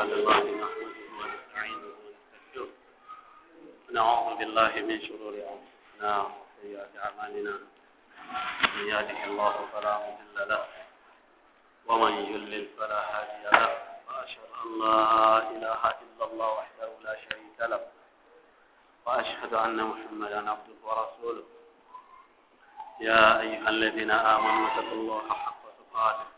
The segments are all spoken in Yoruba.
عباد الله نحمده ونستعينه ونستغفره ونعوذ بالله من شرور انفسنا وسيئات اعمالنا من يهده الله فلا مضل له ومن يضلل فلا هادي له واشهد ان لا اله الا الله وحده لا شريك له واشهد ان محمدا عبده ورسوله يا ايها الذين امنوا اتقوا الله حق تقاته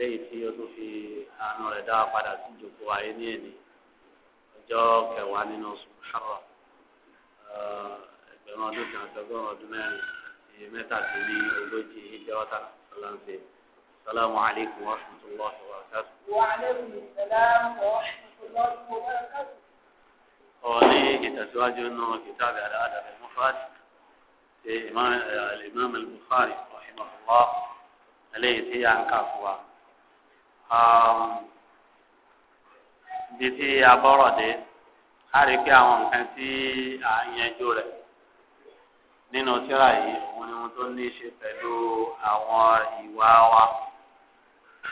lẹ́yìn tí o tún fi àánú rẹ̀ dá padà sí ìjòkó ayé ní èní ọjọ́ kẹwàá nínú oṣù ṣàrọ̀ ẹgbẹ̀rún ọdún kan ẹgbẹ̀rún ọdún mẹ́rin ti mẹ́tàdínní ogójì ìjọba ṣọláńṣe salamu alaykum wa rahmatullahi wa barakatuh. wa aleykum salaam wa rahmatullahi wa barakatuh. ọ̀ọ́ni ìtẹ̀síwájú nù kìtàbí àdáadáa mufadi ti eh, imam al-bukhari rahimahullah eléyìí tí a ń kà fún wa. Um, bí ti abọ́rọ̀ a rí pé àwọn nǹkan tí a ń yanjú rẹ̀ nínú tírà yìí òun ni wọn tó ní í ṣe pẹ̀lú àwọn ìwà wa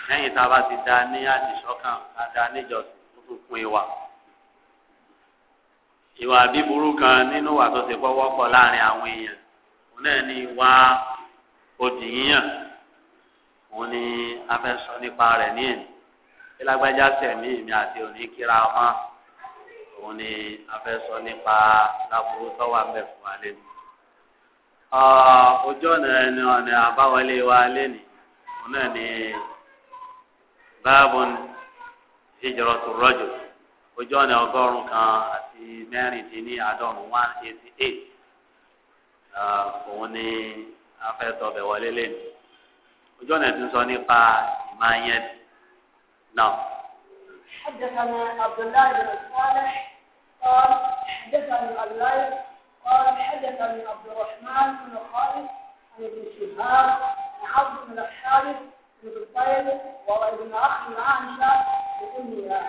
lẹ́yìn tá a bá ti dá ní àdìsọ́kàn a dá níjọsìn tó tún kún ìwà ìwà bíburú kan nínú wà tó ti pọ́ wọ́pọ̀ láàrin àwọn èèyàn òun náà ní ìwà òdìyàn òun ni a fẹ́ nípa rẹ̀ ní èyí ìlágbájá sẹ̀mí mi àti òní kíra ọmọ òun ni a fẹ́ sọ nípa láburú tọ́wà ń bẹ̀ fún wa lẹ́nu. ojú ọ̀nà ẹni ọ̀nà àbáwọlé wa lẹ́nu òun náà ni báàbùn hijratu rajul ojú ọ̀nà ọgọ́rùn-ún kan àti mẹ́rìndínní àádọ́rùn-ún one eighty eight òun ni a bẹ̀ wọlé lẹ́nu. ojú ọ̀nà tí sọ nípa ìmọ̀ ayẹ́ náà. حدثنا عبد الله بن صالح قال حدثني الليث قال حدثني عبد الرحمن بن خالد عن ابن شهاب عن عبد بن الحارث بن بطيل وابن اخي عائشه بامها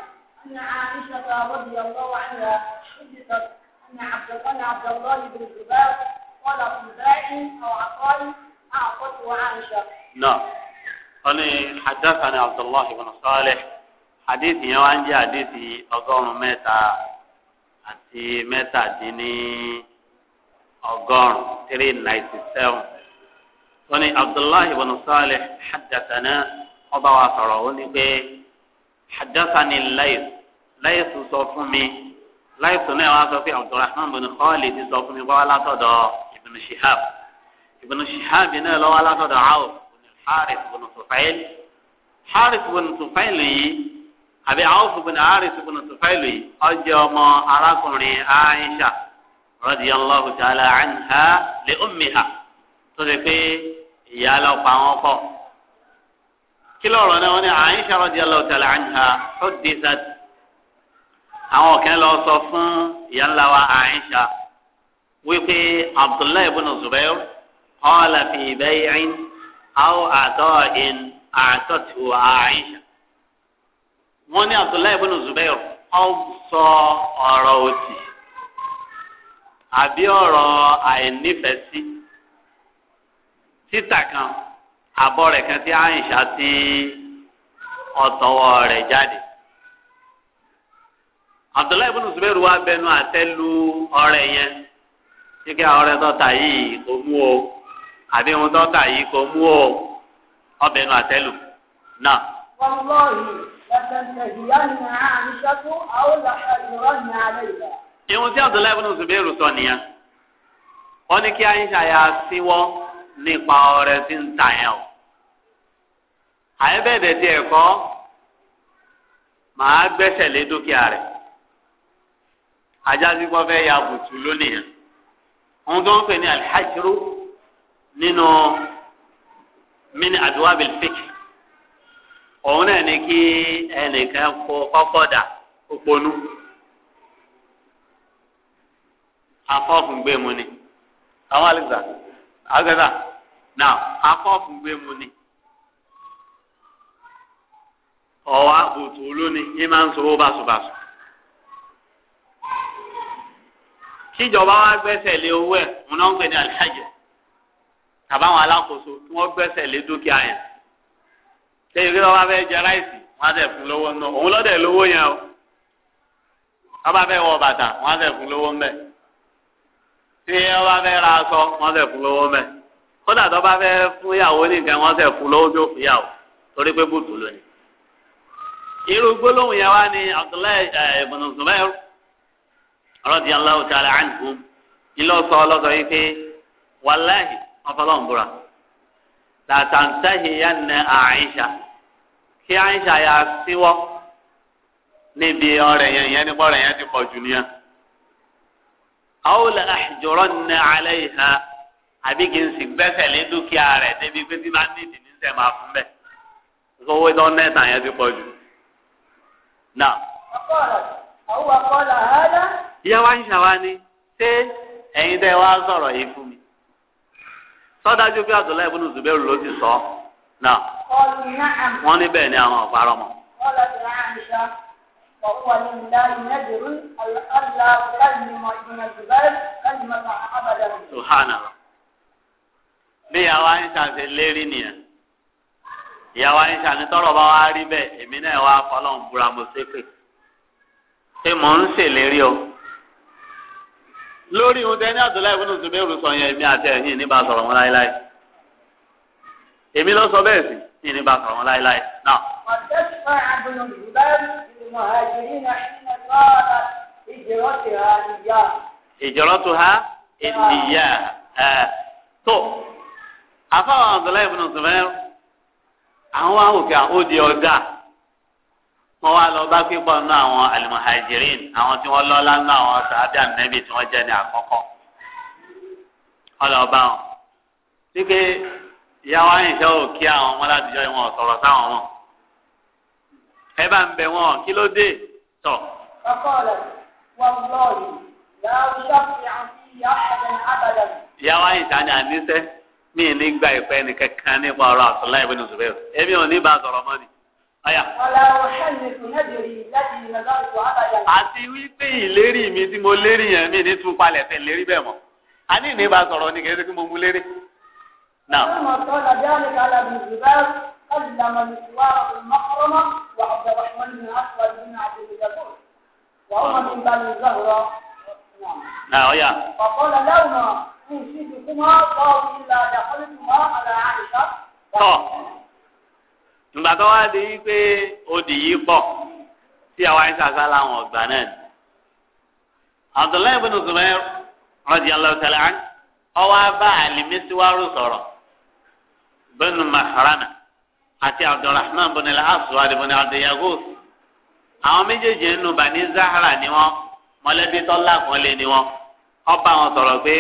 ان عائشه رضي الله عنها حدثت ان عبد الله عبد الله بن الزبير قال في بائع او عطاء اعطته عائشه náà wọ́n ní hadathani abdullahi ibn salih hadith yẹn wá ń jẹ́ hadith ọgọ́rùn-ún mẹ́ta àti mẹ́tàdínní ọgọ́rùn-ún three ninety seven wọ́n ní abdullahi ibn salih hadathana ọba wa sọ̀rọ̀ ó ní pé hadathani layth layth sọ fún mi layth náà wá sọ pé abdulrahman ibn khalid sọ fún mi wá látọ̀dọ̀ ibn shihab ibn shihab náà lọ́wọ́ látọ̀dọ̀ awf. Harith ibn Tufail Harith ibn Tufail yìí àbí Awf ibn Harith ibn Tufail yìí ọjọ́ ọmọ arákùnrin Aisha radiyallahu ta'ala anha li ummiha tó ti pé ìyá lọ pa wọn kọ kí lọ́rọ̀ náà wọ́n ní Aisha radiyallahu ta'ala anha huddithat àwọn kan lọ sọ fún ìyá ńlá wa Aisha wípé Abdullahi ibn Zubair qala fi bay'in àwọn àtọ́ in àtọ́ tí ó àìsàn wọ́n ní Abdullahi ibn Zubair ọ sọ ọ̀rọ̀ òsì àbí ọ̀rọ̀ àìnífẹ̀ẹ́sí títà kan àbọ̀ rẹ̀ kan tí àìsàn ti ọ̀tọ̀wọ̀ rẹ̀ jáde abdullahi ibn zubair wa bẹnu àtẹ́lu ọ̀rẹ́ yẹn kíkẹ ọ̀rẹ́ tọta yìí kò mú o àbí ohun tó kà yìí kò mú o ọbẹ̀ nu àtẹ́lù náà. ìhun tí Abdullahi ibn Zubairu sọ nìyẹn wọ́n ní kí nípa ọrẹ tí ń ta yẹn o àyẹ̀bẹ̀dẹ̀ tiẹ̀ kọ́ màá gbẹ́sẹ̀ lé dúkìá rẹ̀ ajá sí fẹ́ ya bùtù lónìí yẹn tó ń pè ní nínú mini aduwa bilfik òun náà ní kí ẹnìkan kó kọ́kọ́ dà òponú afọ́fúngbẹ́mu ni àwọn àlejò àgbẹ̀dà ni ọ̀wá òtò olóni ní máa ń báṣubàṣu. kíjọba wa gbẹ́sẹ̀ lé owó ẹ̀ ń tàbáwọn alákòóso tí wọ́n gbẹ́sẹ̀ lé dúkìá yẹn lẹ́yìn pé bàbá fẹ́ jẹ ráìsì wọ́n á tẹ̀ fún lówó ńnà òun lọ́dẹ̀ lówó yẹn o bàbá fẹ́ wọ bàtà wọ́n á tẹ̀ fún lówó ńbẹ tí bàbá fẹ́ ra aṣọ wọ́n á tẹ̀ fún lówó ńbẹ kódà tó bá fẹ́ fún ìyàwó nìkan wọ́n á tẹ̀ fún lówó tó fún ìyàwó torí pé bùdù lónìí. irú gbólóhùn yẹn wá ní Abdullahi ibn Zubair radiyallahu ta'ala anhum ilé ọsọ ọlọ́sọ yìí pé wàláhì ọfọlọ́n búra làtàntàhì yá nà àyíṣà kí àyíṣà yà síwọ́ níbi ọ̀rẹ́ yẹn yẹn nípa ọ̀rẹ́ yẹn ti pọ̀ jù nìyẹn. àwọn olè àjọrọ̀ nà alẹ́ ìhà àbí kì í sì gbẹ́sẹ̀ lé dúkìá rẹ̀ débi pé tí máa ń dìdì ní sẹ́ máa fún bẹ́ẹ̀ owó ìdán nẹ́ẹ̀tà yẹn ti pọ̀ jù. náà. ìyá wa ń ṣàwa ni ṣé ẹ̀yin tẹ́ wá sọ̀rọ̀ yìí fún mi sọ́dájú pé àdùlá ìbùnú zùbẹ́rù ló ti sọ náà wọ́n ní bẹ́ẹ̀ ni àwọn ọ̀parọ́ mọ́. وهو لله نذر ألا أكلم lérí nìyẹn ìyàwó àyíṣà ní tọrọ bá wá rí bẹ́ẹ̀ èmi náà wá fọlọ́run búra mo ṣépè mò ń ṣèlérí o lórí ohun tẹ́ni àdúrà ìwé nùtún bẹ́ẹ̀ rúsọ yẹn èmi àti ẹ̀yìn ní bá sọ̀rọ̀ wọn láéláé èmi lọ sọ bẹ́ẹ̀ sí ní ní bá sọ̀rọ̀ wọn láéláé náà. ọ̀dẹ́sùn àbùnú ìbáraẹni ìmọ̀ àjèrí náà ìjọrọ tó ha ìdíyà tó afáwọn àdúrà wọ́n wá lọ bá pípọ̀ nínú àwọn alimuhajirin àwọn tí wọ́n lọ́lá nínú àwọn sàábì ànábì tí wọ́n jẹ́ ní àkọ́kọ́ wọ́n lọ bá wọn. wípé ìyáwó àyìnṣẹ́ ò kí àwọn ọmọ ládùúgbò yìí wọn sọ̀rọ̀ sáwọn wọn. ẹ bá ń bẹ wọn kí ló dé tọ. kọ́kọ́rọ̀ wọn lọ́ọ̀yì láàrúṣà fi àǹtí ìyá àbẹ̀rẹ̀ àbàdà. ni àníṣẹ́ mi ní gba ìpẹ́ nìkan kan nípa ọ̀rọ̀ àtúnláì Ọ̀yà. Àti wípé ìlérí mi tí mo lérí yẹn mi ní tún palẹ̀ fẹ́ lérí bẹ́ẹ̀ mọ́. A ní ìní bá sọ̀rọ̀ ni kì í ṣe kí mo mú lérí. Náà. Náà ọ̀yà. Tọ́ nbàtọ́ wa di yí pé odi yìí pọ̀ tí àwa ń sàkà láwọn ọgbà náà ni Abdullahi ibn Zubair radiyallahu ta'ala an ọwọ́ abá alimisiwaru sọ̀rọ̀ bẹ́ẹ̀ni maharana àti Abdulrahman bọ́ni al-Aswad bọ́ni abdiyagus àwọn méjèèjì nínú Bani Zahra ni wọ́n mọ̀lẹ́bí tọ́lá kan lé ni wọ́n ọba wọn sọ̀rọ̀ pé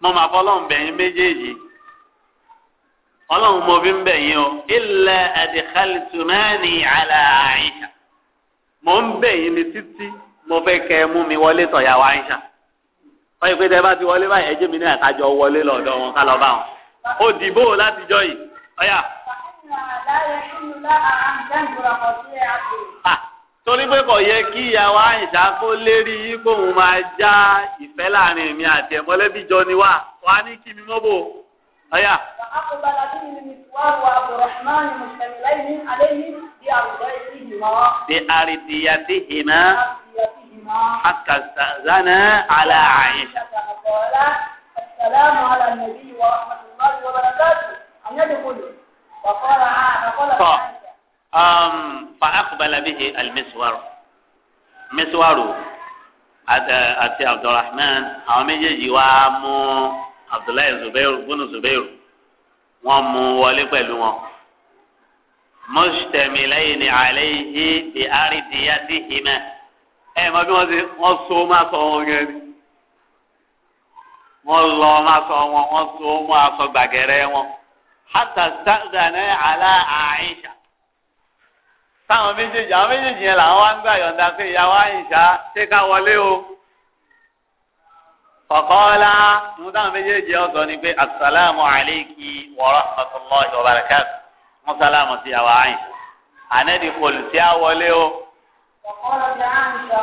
mo máa fọlọ́ ń méjèèjì ọlọ́run mo fi ń bẹ̀ yín o ilẹ̀ àdìkálìtùmẹ́ẹ̀nì àlà àyíṣà mo ń bẹ̀ yín ní títí mo fẹ́ kẹ́ ẹ mú mi wọlé tọ̀yàwó àyíṣà wọ́n yìí pé tẹ́ bá ti wọlé báyìí ẹjẹ́ mi ní àtàjọ wọlé lọ́dọ̀ wọn ká lọ bá wọn ó dìbò látijọ́ yìí ọ̀yà. torí pé kò yẹ kí ìyàwó àyíṣà kó lérí kóun máa já ìfẹ́ láàrin èmi àti ẹ̀mọ́lẹ́bíjọ ni wá wá ní kí mi mọ́ bò ó. ايوه فاقبل به المسوار وابو الرحمن مشتملين عليه بارديتهما بارديتهما حتى استأذن على عائشة فقال السلام على النبي ورحمة الله وبركاته أن يدخل فقال فقال فأقبل به المسور مسور أتى Abdulrahman àwọn méjèèjì wá وامو abdullahi zubairu bunu zubairu wọ́n mú wọlé wọn mọ́ṣítẹ̀mílẹ́yìn ní àlẹ́yìí bí àrídìyá sí ìmẹ̀ ẹ mọ bí wọ́n ti so máa sọ wọn yẹn ni wọ́n lọ sọ wọn so máa sọ gbàgẹ́rẹ́ wọn hàtà sàgànà àlà àìsà táwọn méjèèjì àwọn méjèèjì yẹn làwọn wá ń gbà yọ̀ǹda pé ṣé ká o. ọ̀kọ́lá musa méjèèjì ọ̀sán ni pé asalaamu aleyki wa rahmatulahi wa barakatu musalaamu ti àwa ayin anadi kòlùsí àwọlé o. ọ̀kọ́lá ti àyìnṣà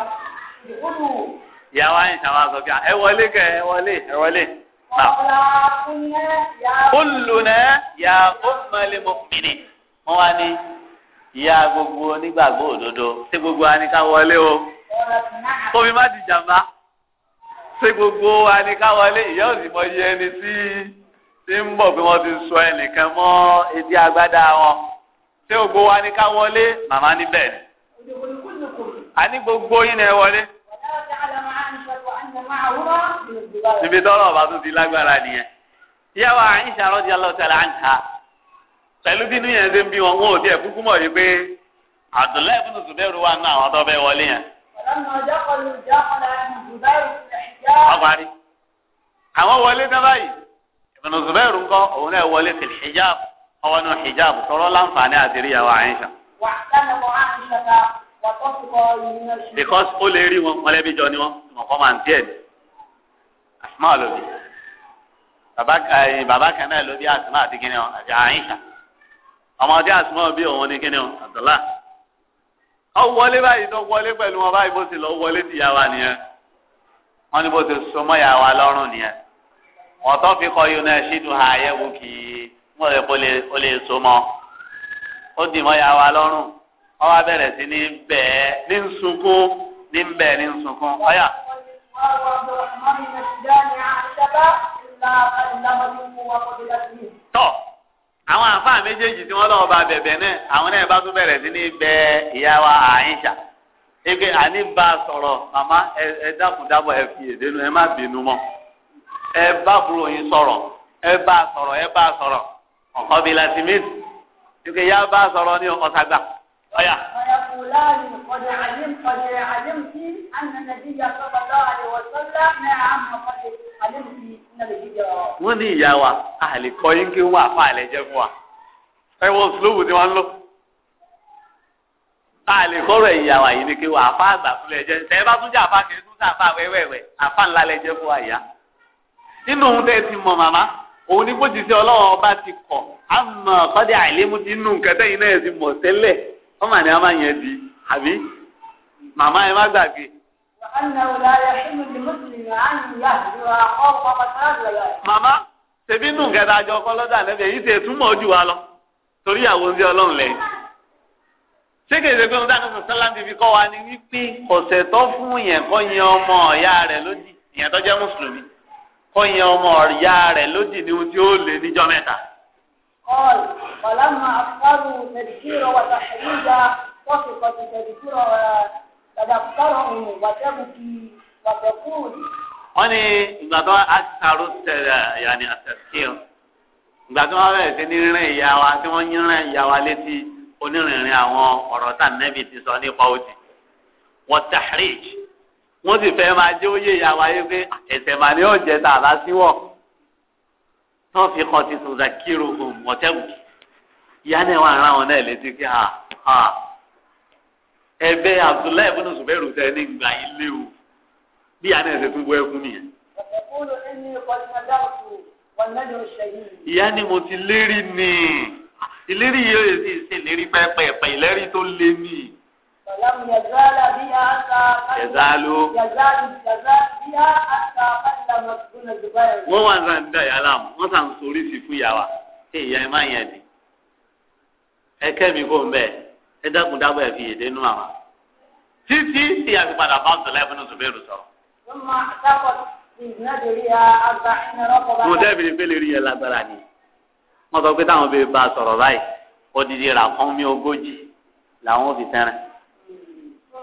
ìkúlù. ìyàwó àyìnṣà wa sọ pé ẹ wọlé kẹ ẹ wọlé ẹ wọlé. kúlùnà yà ọmọlẹ mọ̀mìnì wọn wá ní ìyá gbogbo onígbàgbọ́ òdodo tí gbogbo wa ní ká wọlé o. omi má di jàmbá ṣé gbogbo wa ni ká wọlé ìyá òsì mọ iye ẹni tí tí ń bọ̀ pé wọ́n ti sọ ẹnìkan mọ́ etí agbádá wọn ṣé gbogbo wa ni ká wọlé màmá níbẹ̀ ni àní gbogbo yín ni ẹ wọlé. níbi tọ́lọ̀ ọba tó ti lágbára nìyẹn ìyàwó àyíṣà rọ́jì aláwọ̀tẹ́lẹ̀ àǹtà pẹ̀lú bínú yẹn ṣe ń bí wọn wọn ò tiẹ̀ kúkú mọ̀ yìí pé Abdullahi ibùdó Zubairu wà nínú àwọn tó bẹ́ wọlé yẹn ọparí àwọn wọlé náà báyìí ìbùnú zubairu ńkọ òun náà wọlé fi hijab ọwọ́ nù hijab tọrọ láǹfààní àti ríyàwó because ó lè rí wọn mọ̀lẹ́bí jọ ni wọn mọ̀kọ́ máa ń tiẹ̀ ní asma lóbi bàbá kan náà lóbi asma àti kíni ọ àti àyíṣà ọmọdé asma bí òun ni kíni ọ Abdullah ọwọlé báyìí tó wọlé pẹ̀lú wọn báyìí bó ti lọ wọlé ti yà wá nìyẹn wọn ni bó ti sọmọ yà wá lọ́rùn nìyẹn ọ̀tọ́ fi kọ́ yóò náà ṣídùú ha àyẹ̀wò kì í wọ́n rẹ̀ kó lè so mọ́ ó dì mọ́ yà wá lọ́rùn wọ́n wá bẹ̀rẹ̀ sí ní bẹ́ẹ̀ ní sunkún ní bẹ́ẹ̀ ní sunkún ọ̀yà. tọ́ àwọn àfáà méjèèjì tí wọ́n lọ́wọ́ bá bẹ̀bẹ̀ náà àwọn náà bá tún bẹ̀rẹ̀ sí ní bẹ ìyá wa àyíṣà eke àní bá a sọ̀rọ̀ màmá ẹ dákun dábọ̀ ẹ fi èdè nu ẹ má bínú mọ́ ẹ bá àbúrò yín sọ̀rọ̀ ẹ bá a sọ̀rọ̀ ẹ bá a sọ̀rọ̀ ọ̀kọ́ bíi latimid eke yá bá a sọ̀rọ̀ ní ọkọ̀ sagbá. أيا فيقولان قد علمت قد علمت أن النبي صلى الله عليه وسلم نهى عما قد علمت من الهجرة wọ́n ní ìyá wa a lè kọ́ yín kí wọ́n àfa àlẹ́ jẹ́ fún wa ẹ wọ́n sùlùmù tí wọ́n ń lò kọ́rọ̀ ìyá wa yìí ni kí wọ́n àfa àgbà ẹ bá tún jẹ́ àfa kìí tún wẹ́wẹ́wẹ́ àfa ńlá fún wa ìyá nínú ohun tẹ́ ti mọ̀ màmá òun ni bó ti ṣe ọba ti kọ̀ àmọ́ kọ́dé àìlèmú ti nù kẹ́tẹ́yìn náà ti mọ̀ tẹ́lẹ̀ wọ́n mà ní a máa yẹn di àbí màmá ẹ má gbàgbé. màmá ṣebí nù kẹta àjọ kọlọ́dà lẹ́bẹ̀ẹ́ yìí ṣe túmọ̀ jù wa lọ torí àwọn oúnjẹ ọlọ́run lẹ́yìn. ṣé kèsì pé mo dáná sọ sọ́lá ti kọ́ wa ni wípé ọ̀sẹ̀ tó fún yẹn kọ́ yẹn ọmọ ọ̀yá rẹ̀ lódì ìyẹn tó jẹ́ mùsùlùmí kọ́ yẹn ọmọ ọ̀yá rẹ̀ lódì ni ohun tí ó lè níjọ́ mẹ́ta. قال ولما أفقدوا تذكير وتحريج وصفت تذكير تذكرهم وتبكي وتقول wọ́n ní ìgbà tó aṣàrò tẹ̀lé yàní àtẹ̀kíọ̀ ìgbà tó wọ́n bẹ̀rẹ̀ sí ní rìn ìyá wa tí wọ́n ń rìn ìyá wa létí onírìnrìn àwọn ọ̀rọ̀ tá nẹ́bì ti sọ nípa òdì wọ́n tàríj wọ́n sì fẹ́ máa jẹ́ òye ìyá wa yé pé ah, ẹ̀sẹ̀ màá ní ọ̀jẹ̀ tá síwọ̀ tó fi kọ́ ti sọ̀dà kírò hùm um, wọ́tẹ́wù ìyá náà wà ara wọn náà létí kí ha ha ẹ̀bẹ̀ Abdullahi ibùdó sùbẹ́rù tẹ ní gbà yín léwu bí ìyá náà ṣe tún bọ ẹkún nìyẹn. ìyá ni mo ti lérí ni ìlérí yìí ó yẹ sí ìṣèlérí pẹ́ẹ́pẹ́ẹ́pẹ́ ìlérí tó lé nìyí. فلم يزال بها حتى يزالوا يزال يزال بها حتى قدمت بن الزبير wọ́n wá ń sàn dá yàrá mu wọ́n sàn sórí sí fún yàrá ṣé ìyá ẹ máa yẹn di ẹkẹ́ mi kò ń bẹ̀ ẹ dákun dábọ̀ ẹ̀ fi yèdè nù àwọn títí tí a fi padà bá ọ̀sẹ̀ láì fún oṣù bẹ́ẹ̀ sọ̀rọ̀. wọ́n máa dákọ̀ mo dẹ́bìrì pélé rí yẹn lágbára ni wọ́n sọ pé táwọn bèbè bá a sọ̀rọ̀ báyìí odidi ràkúnmí ogójì làwọn ò fi tẹ́rẹ̀.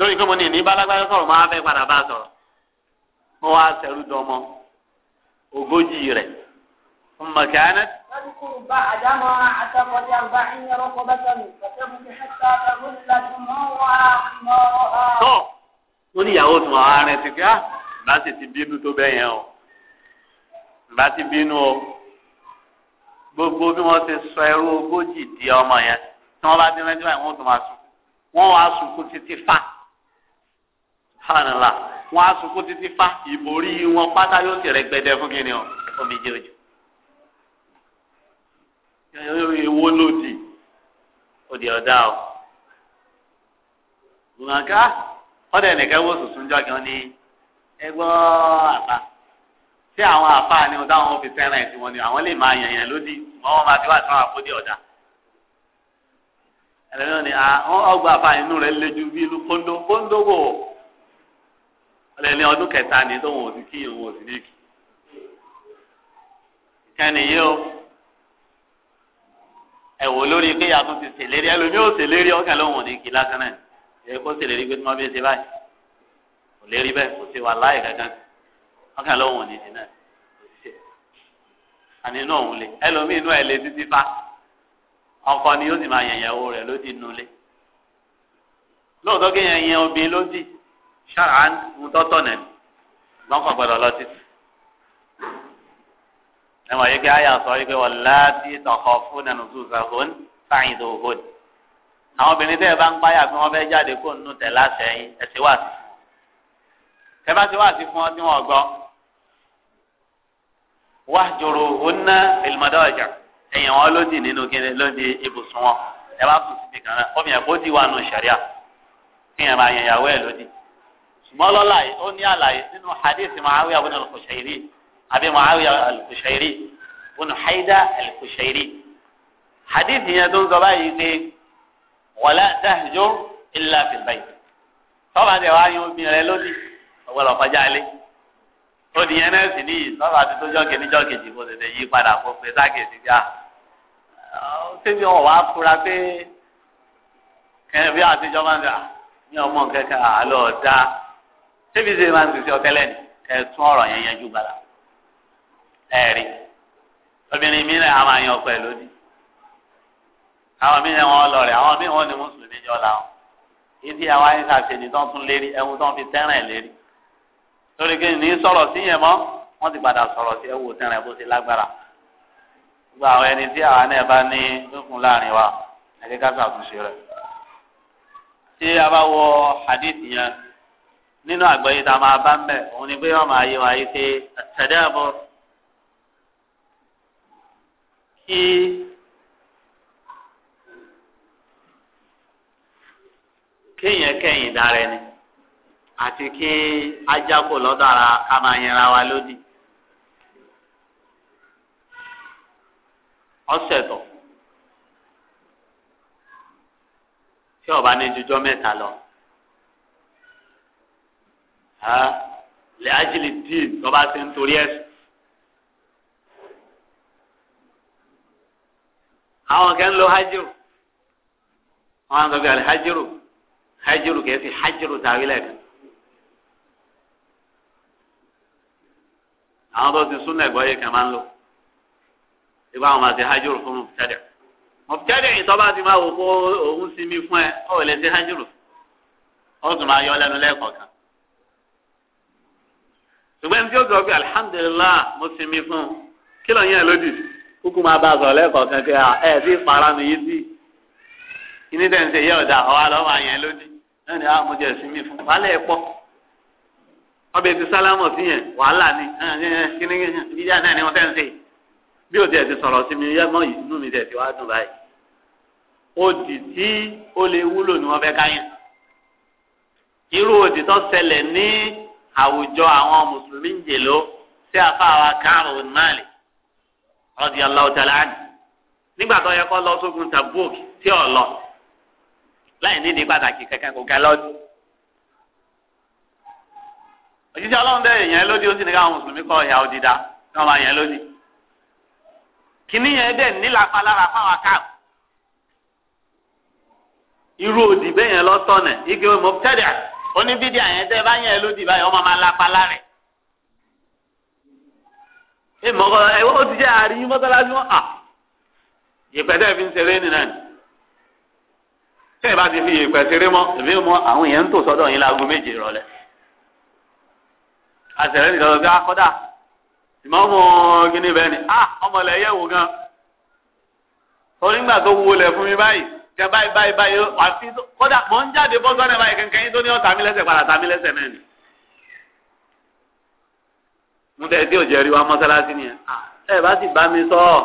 lórí pé mo ní ní balagbáyé sọ̀rọ̀ máa fẹ́ padà bá sọ̀rọ̀ mo wá sẹ́rú dọ́mọ ogójì rẹ̀ ọmọ kẹ́hánẹ́. tó ó ní ìyàwó tún àwọn arìnrìn ti fi á bá sì ti bínú tó bẹ́ẹ̀ yẹn o bá ti bínú o gbogbo bí wọ́n ti sọ ẹrú ogójì di ọmọ yẹn tí wọ́n bá dín mẹ́jọ báyìí wọ́n tún máa sùn wọ́n wá sùn kó títí fà subhanallah wọn á sunkún títí fa ìborí wọn pátá yóò sì rẹgbẹdẹ fún kí ni ọ omi jẹ òjò ewo lòdì òdì ọ̀dà o gbọ̀ngàn ọ̀dà ẹnìkan wò sùsùn jọ̀gàn ní ẹgbọ́ àbá tí àwọn àbá ni ọ̀dà wọn fi fẹ́ràn ẹ̀sìn wọn ni àwọn lè máa yànyàn lódì wọn wọn máa fi wá sí wọn àfọ́dì ọ̀dà ẹlẹ́yìn ni ọgbà àbá inú rẹ̀ lé ju bí inú kóńdó kóńdó wò ó ọlẹ́ni ọdún kẹta ni tóun ò sí kí òun ò sí ní kí. ìkànnì yìí o ẹ̀wò lórí pé yàtọ̀ ti ṣèlérí ẹlòmí ò ṣèlérí ọkàn lóun ò ní kí lásán náà ẹ kó ṣèlérí pé tí wọ́n fi ṣe báyìí kò lérí bẹ́ẹ̀ kò ṣe wà láì kankan ọkàn lóun ò ní sí náà àní inú òun le ẹlòmí inú ẹ̀ lé títí fa ọkọ ni yóò sì máa yẹ̀yẹ̀ wo rẹ̀ ló ti nu lóòótọ́ kéèyàn yẹn obìnrin ló dì ṣáà ń tọ́tọ̀ nẹ̀ lọ́kàn gbọ́dọ̀ lọ sí. ẹ mọ̀ yìí kí àyà sọ wípé wọ́n láti tọkọ fún ẹnu tó sàkón sáyìn tó hó. àwọn obìnrin tẹ́ ẹ bá ń páyà pé wọ́n fẹ́ jáde kó nù tẹ̀ láṣẹ yín ẹ ṣe wá sí fún wọn. ẹ bá ṣe wá sí fún ọ tí wọ́n gbọ́. wá jòrò òun ná ìlmọ̀dọ́ ọjà ẹ̀yìn wọn ló dì nínú kíni ló di ibùsùn wọn ẹ bá sùn síbi kan náà ó fi hàn kó dì wà nù sẹ̀ríà kí mọ́lọ́lá yìí ó ní àlàyé nínú hadith muawiya ibn al-kushairi àbí muawiya al-kushairi ibn haida al-kushairi hadith yẹn tó ń sọ báyìí pé wala tahjur illa fil bayt tọ́ba tẹ wá yún obìnrin rẹ lódì ọ̀gbọ́dọ̀ kọjá ilé odi yẹn náà sì níyì tọ́ba ti tó jọ́kè ní jọ́kèjì kò tètè yí padà kó pé sáàkè ah, sí bíà tẹ́bi wọn wá fura pé kẹ́hìn bí àtijọ́ máa ń gbà ní ọmọ kẹ́kẹ́ àlọ́ ọ̀dá ṣébi ṣe máa ń ọtẹlẹ ni ẹtún ọ̀rọ̀ yẹn yanjú bala ẹẹri obìnrin mi náà a máa ọkọ ẹ lódì àwọn mi náà wọn lọ rẹ àwọn mi wọn ni mùsùlùmí jọ la wọn ìdí àwọn àyíká ṣèlú tó ń tún lérí ẹ̀wù tó ń fi tẹ́ràn ẹ̀ lérí lórí kí ni sọ̀rọ̀ sí yẹn mọ́ wọ́n ti padà sọ̀rọ̀ sí ẹ̀wù tẹ́ràn ẹ̀ bó ṣe lágbára gbogbo àwọn ẹni tí àwọn náà bá ní lókun láàrin wa ẹ̀kẹ́ká ṣàtúnṣe rẹ̀ tí a bá wọ hadith yẹn nínú àgbáyé tá a máa bá ń bẹ̀ òun ni pé wọ́n máa yé wọn ayé pé àtẹ̀dẹ́ àbọ̀ kí kéèyàn kẹ́yìn dára ẹni àti kí ajáko lọ́dọ̀ ara ká máa yẹra wa lódì. ọ̀sẹ̀ tọ̀ tí ọba ní jújọ́ mẹ́ta lọ ha lè ájìlì dín tọba ṣe ń torí ẹsùn. àwọn kan lo hajiru wọn á sọ pé àlè hajiru hajiru kìí ṣe hajiru tàbí lẹ́ẹ̀kan. àwọn tó ti súnà ẹ̀gbọ́ yìí kan máa ń lò ìgbà àwọn máa ti hajiru fún mọ̀tẹ́dẹ̀ mọ̀tẹ́dẹ̀ ìtọ́ba ti máa wò kó òun sinmi fún ẹ ọ̀ lè ṣe hajiru ó tún máa yọ lẹ́nu lẹ́ẹ̀kọ̀ọ̀kan ṣùgbọ́n tí ó sọ pé alihamudulilayi mo sinmi fún un kí ló ń yẹn lódì kúkú máa bá a sọ̀rọ̀ lẹ́kọ̀ọ́ kankan à ẹ̀ sí para mi yìí sí kíní tẹ̀ ń ṣe yẹ ọ̀dà ọ̀wá lọ́wọ́ àyẹn lódì náà ni àwọn ọmọdé sinmi fún un wàhálà ẹ̀ pọ̀ ọbẹ̀ ti sálámọ̀ sí yẹn wàhálà ni kíní bíjà náà o lè wúlò ni wọ́n fẹ́ káyàn irú odì tó ṣẹlẹ̀ ní àwùjọ àwọn mùsùlùmí ń jèló sí àfàwà kárùn náàlì radiyallahu ta'ala anhu nígbà tó yẹ kó lọ sógun Tabuk tí ò lọ láì nídìí pàtàkì kankan kò ga lọ́dún. òjijì ọlọ́run bẹ́ẹ̀ yẹn lódì ó sì ní káwọn mùsùlùmí kọ́ ìyá òdìdá kí wọ́n máa yẹn lódì. kìnìún yẹn dẹ̀ nílàpá fáwọn akáàbù. irú òdì bẹ́ẹ̀ yẹn lọ́tọ̀nà igi mọ̀tẹ́dẹ̀ oníbídì àyẹn tẹ bá yẹn lódì báyìí ọmọ máa lápá lárẹ. ẹ mọ̀ ọ́ ẹ wọ́n ti jẹ́ àárín mọ́sálásí wọn. ìpẹ́tẹ́ fi ń ṣeré nìyẹn ni. tẹ́ ẹ bá ti fi ìpẹ́ ṣeré mọ́ èmi mọ àwọn èèyàn ń tò sọ́dọ̀ yín láago méje ìrọ̀lẹ́. àṣẹrẹ́ nìkan lọ́gbẹ́ akọ́dà ah, ìmọ̀ọ́mù gíní bẹ́ẹ̀ ni ah, ọmọ ilẹ̀ yẹ̀ wò gan. onígbà tó wọlé fún mi báyìí kẹ báyìí báyìí báyìí àfi kódà mọ̀ ń jáde bọ́ sọ́nà báyìí kẹ̀kẹ́ yín tó ní ọ̀tá mi lẹ́sẹ̀ padà tá mi lẹ́sẹ̀ náà ni. mo tẹ̀ sí òjò ẹ̀rí wa mọ́sálásí ni ẹ bá sì bá mi sọ ọ́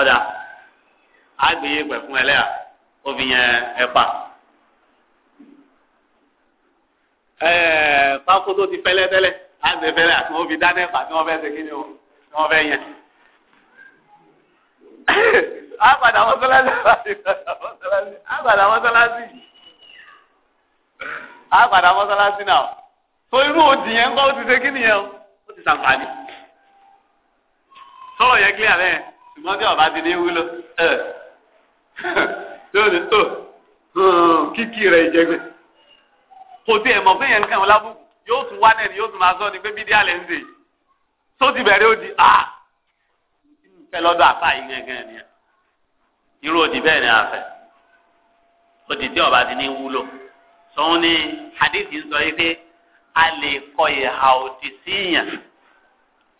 ọ̀dà àgbèyẹ pẹ̀ fún ẹlẹ́yà obìnrin ẹ̀ pa. ẹ̀ẹ́ pákó tó ti fẹ́lẹ́ tẹ́lẹ̀ láti fẹ́lẹ́ àti wọ́n fi dáná ẹ̀fà tí wọ́n fẹ́ ṣe kí ni wọ́n fẹ́ yẹn àpàdà mọ́sálásí àpàdà mọ́sálásí àpàdà mọ́sálásí náà so irú òdì yẹn ńkọ́ ó ti ṣe kí nìyẹn ó ti ṣàǹfààní sọ̀rọ̀ yẹn clear lẹ́yìn ṣùgbọ́n tí ọba ti ní wúlò ẹ̀ yóò tó hmm, kíkì rẹ̀ ìjẹgbẹ́ kò tí ẹ̀ mọ̀ fún yẹn nǹkan lábùkù yóò tún wá nẹ́ni yóò tún máa sọ ni pé bídí àlẹ́ ń ṣe tó bẹ̀rẹ̀ ó di ah fẹ́ lọ́dọ̀ àfáà yìí gẹ́gẹ́ nìyẹn irú òdì bẹ́ẹ̀ ni àfẹ́ òdì tí ọba ti ní wúlò sọ́hun ní hadithi sọ yìí pé a lè kọ ìhà òdì síyàn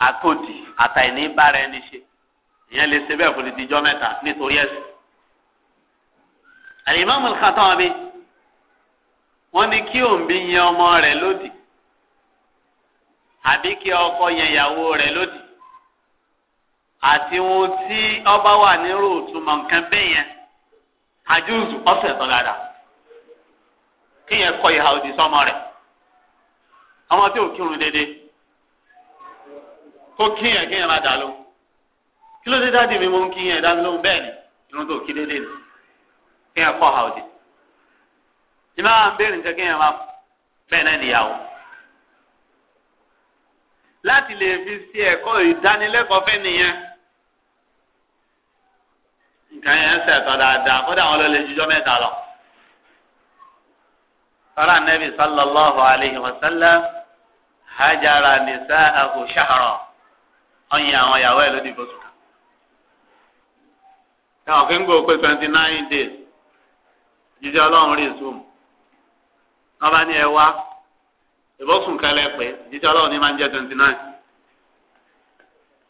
àtòdì àtàìní bára ẹni ṣe ìyẹn lè ṣe bẹ́ẹ̀ fún ìdíjọ́ mẹ́ta nítorí ẹ̀sìn. Al-Imam al wọ́n ní kí òǹbí yẹn ọmọ rẹ̀ lódì àbí kí ọkọ yẹn ìyàwó rẹ̀ lódì. àti wọn tí ọba wà nírò túmọ̀ nǹkan bẹ́ẹ̀ yẹn àjùzù ọ̀sẹ̀ kíyẹn kọ ìhà òdì sọmọ ọmọ tí ò kírun dédé kó kíyẹn kíyẹn má dàlú kí ló dé mi mo ń kíyẹn bẹ́ẹ̀ ni irun tó kí dédé ni kíyẹn kọ ìhà òdì béèrè kíyẹn má bẹ́ẹ̀ náà nìyàwó. láti lè fi sí ẹ̀kọ́ ìdánilẹ́kọ̀ọ́ fẹ́ nìyẹn nǹkan yẹn ń sẹ̀tọ̀ dáadáa kódà àwọn lọ lè jíjọ́ mẹ́ta lọ. sọ́ra nẹ́bí sallallahu alayhi wa sallam hajara nisa'ahu shahara ọ̀yìn àwọn ìyàwó ẹ̀ lódì fóṣù kan. táwọn kí ń gbọ́ pé twenty nine days jíjọ́ ọlọ́run rí ìsúmù. wọ́n bá ní ẹ wá. ìbọ̀sùn kan lẹ pé jíjẹ́ ọlọ́run ní máa ń jẹ́ twenty nine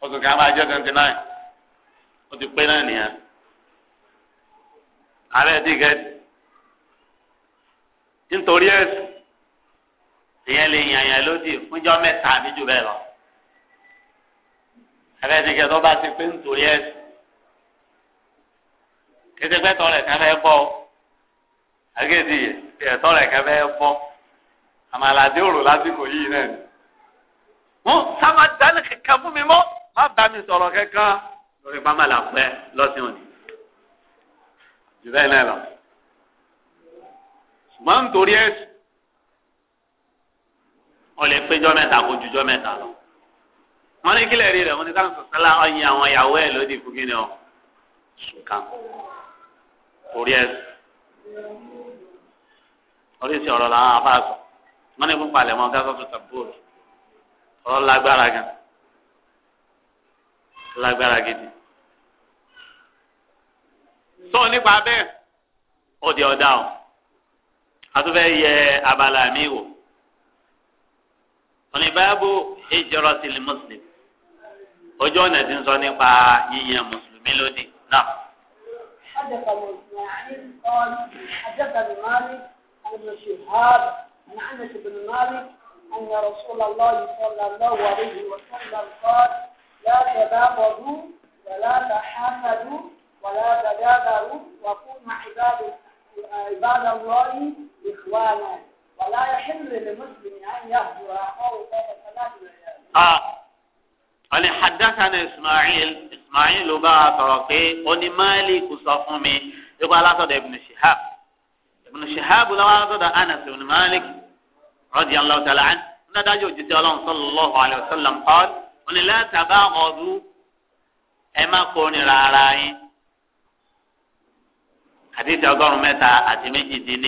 oṣù kan máa jẹ́ twenty nine ó ti pé náà nìyẹn ààrẹ ti gẹ̀ẹ́dì nítorí ẹ̀sìn ìyẹn lè yàn yàn lódì fúnjọ́ mẹ́ta àbí jù bẹ́ẹ̀ lọ ààrẹ ti gẹ̀ẹ́dì ọba ti pé nítorí ẹ̀sìn kẹsẹ̀gbẹ́tọ̀ rẹ̀ kẹfẹ́ bọ́ àgẹ́dì ẹ̀tọ́ rẹ̀ kẹfẹ́ bọ́ àmàlàdé òrò lásìkò yìí náà ni. wọn sábà dání kankan fún mi mọ́ má bá mi sọ̀rọ̀ kankan lórí pàmàlà pẹ́ lọ́sìn òní. jù bẹ́ẹ̀ náà lọ. ṣùgbọ́n nítorí ẹ̀sùn wọ́n lè péjọ́ mẹ́ta kó jujọ́ mẹ́ta lọ. wọ́n ní kílẹ̀ rí rẹ̀ wọ́n ní ká sọ̀sálà ọyìn àwọn ìyàwó ẹ̀ lódì fún kíni ọ. ṣùkàn orí ẹ̀sùn oríṣi ọ̀rọ̀ làwọn afáàsùn wọn ní fún palẹ̀ mọ́ gáfọ́ fún tabóòlù ọ̀rọ̀ lágbára gan lágbára gidi. sọ nípa bẹ́ẹ̀ ọ̀dẹ̀ ọ̀dà ọ̀ àtúfẹ́ yẹ abala mi wò wọn ní báàbò ìjọrọ sílẹ̀ mùsùlùmí ojú ọ̀nà tí ń sọ nípa yíyan mùsùlùmí lódì náà. حدث عن قال حدثني مالك عن ابن شهاب عن انس بن مالك ان رسول الله صلى الله عليه وسلم قال لا تباغضوا ولا تحاسدوا ولا تجادلوا وكونوا عباد عباد الله اخوانا ولا يحل لمسلم ان يهجر اخاه فوق ثلاث آه. Ọlẹ́ حدثنا اسماعيل اسماعيل ló bá a مالك pé يقول على ابن kò ibn Shihab lọ́wọ́ àtọ́dọ̀ Anas ibn Malik radiyallahu ta'ala an nígbàdájọ́ òjijì ọlọ́run sallallahu alayhi wa sallam qala òní látàbá ọdún ẹ má kóni rárá yín àdìsí ọgọ́rùn mẹ́ta àti méjì dín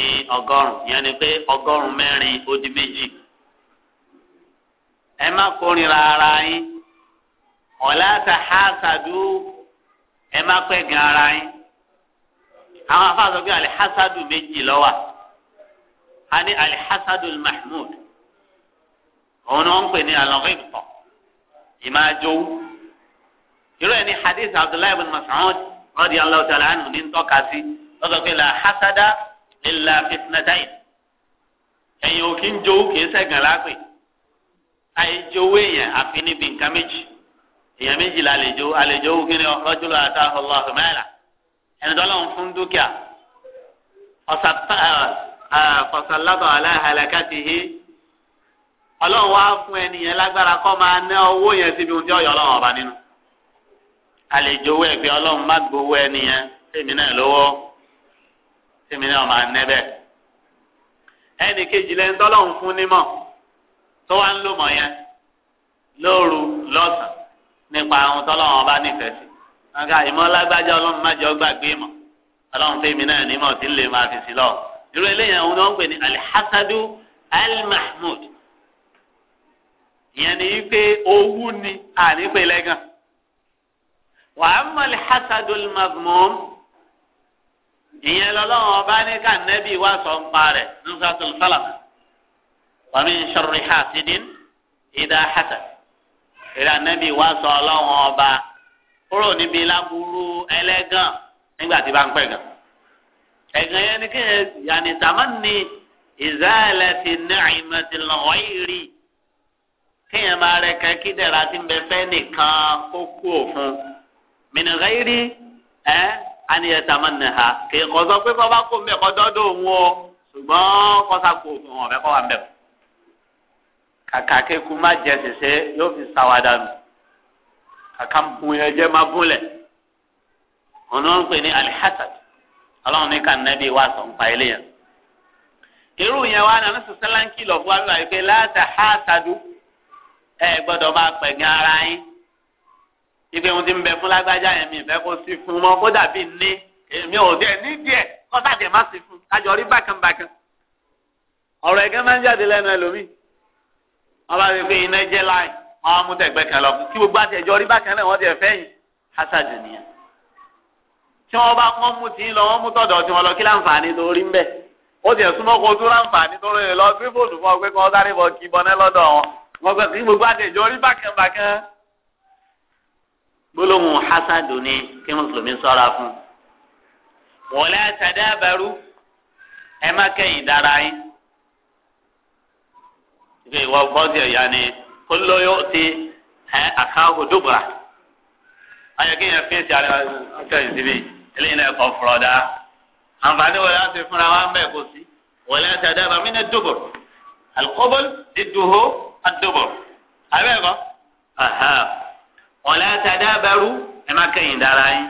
àwọn afáàzọ bí alihasadu méjì lọ́wọ́ ani alihasadu mahmud òun ni wọ́n ń pè ní alọ́rìbọ̀ ìmájowú irú ẹni hadith abdullahi bin mas'ud radiyallahu ta'ala anhu ní tọ́ka lọ́sọ̀ pé la hasada illa fitnatayn ẹ̀yin ò jowú kì sẹ́gàn lápè àìjowú èèyàn àfi níbi nǹkan méjì èèyàn méjì la lè jowú àlejò wú kí ni rajulu atahu Allahu mala ẹni tó lọ́n fún dúkìá ọ̀sàlábọ̀ aláìhàlẹ́kàtìhí ọlọ́run wá fún ẹnìyẹn lágbára kọ́ máa ná owó yẹn síbi ohun tí ọ̀yọ́ ọlọ́run ọba nínú àlejò owó ẹgbẹ́ ọlọ́run má gbowó ẹnìyẹn tèmi náà lówó tèmi náà máa ná bẹ́ẹ̀ ẹnì kejì lẹ́yìn tọ́lọ́run fún nímọ̀ tó wá ń lò mọ̀ yẹn lóru lọ́sàn nípa ohun tọ́lọ́run ọba nífẹ̀ẹ́ sí àga ìmọ̀lágbájá ọlọ́run má jẹ́ ọ gbàgbé mọ̀ ọlọ́run fẹ́mi náà ní mọ̀ tí ń lè máa fi sí lọ. irú eléyàn òun ni wọ́n ń pè ní alhassadu almahmud ìyẹn ni wípé owú ni ànípe lẹ́gàn. wàá mọ̀ alhassadu almazmum ìyẹn lọ́lọ́run ọba ní kànẹ́bí wà sọ ń pa rẹ̀ nùsàtúl sálàmù wa min sharri hasidin ìdá hasad ìdá nẹ́bí wà sọ ọlọ́run ọba kúrò níbi láburú ẹlẹ́gàn nígbà tí bá ń pẹ̀gàn. ẹ̀gàn yẹn ni kí yàní tàmánì ìzáàlẹ́tì ni'mati al-ghayri kí yẹn máa rẹ kẹ́ kí dẹ̀ra ti ń bẹ fẹ́ nìkan kó kú òfun. min ghayri ẹ́ àníyàn tàmánì ha kì í kọ́ sọ pé kọ́ bá kó mi ẹ̀kọ́ dọ́dọ̀ òun o ṣùgbọ́n kọ́ sá kó òfin wọn ọ̀fẹ́ kọ́ wà ń bẹ̀ kàkà kéku má jẹ ṣẹṣẹ yóò fi ṣàwádà nù kàkà bùnyẹ̀jẹ̀ máa gúnlẹ̀ ọ̀nà ń pè ní alihasad ọlọ́run ní kànáàbí wa sọ̀ ń pa ilé yẹn. irú yẹn wá nà ní sísẹ́lá ń kìlọ̀ fún wa wíwá wípé láti hasadu ẹ gbọ́dọ̀ máa pẹ̀gàn ara yín ibi ohun tí ń bẹ fún lágbájá yẹn mi ìfẹ́ kó sí fún wọn kó dàbí ní èmi ò dẹ̀ ní díẹ̀ kọ́tà dẹ̀ má sí fún kájọ rí bákanbákan ọ̀rọ̀ ẹ̀gẹ́ máa ń jáde lẹ́nu ẹlòmíì wọ́n bá wípé iná jẹ́ láì wọn á mú kan lọ fún kí gbogbo rí bákan náà ti yìí nìyẹn tí wọ́n bá wọ́n mú tí ń lọ wọ́n mú tọ̀dọ̀ tí wọ́n lọ kí láǹfààní tó rí ó ti ọ sáré bọ̀ kí lọdọ wọn gbé kí gbogbo rí bákan bákan gbólóhùn kí mùsùlùmí fún ẹ má dára yín ìwọ kóló yóò ti ẹ àkáhù dùbúrà ayọ̀ kí yẹn fèsì àrẹ ọjọ́ ìsinmi eléyìí náà kọ́ fúrọ́dá àǹfààní wọlé àti fúnra wa ń bẹ̀ kó sí wọlé àti àdábà mí ní dùbúr alukóbol dídùhó àdùbúr abẹ́ẹ̀kọ́ wọlé àti àdábà rú ẹ má kẹ́yìn dára yín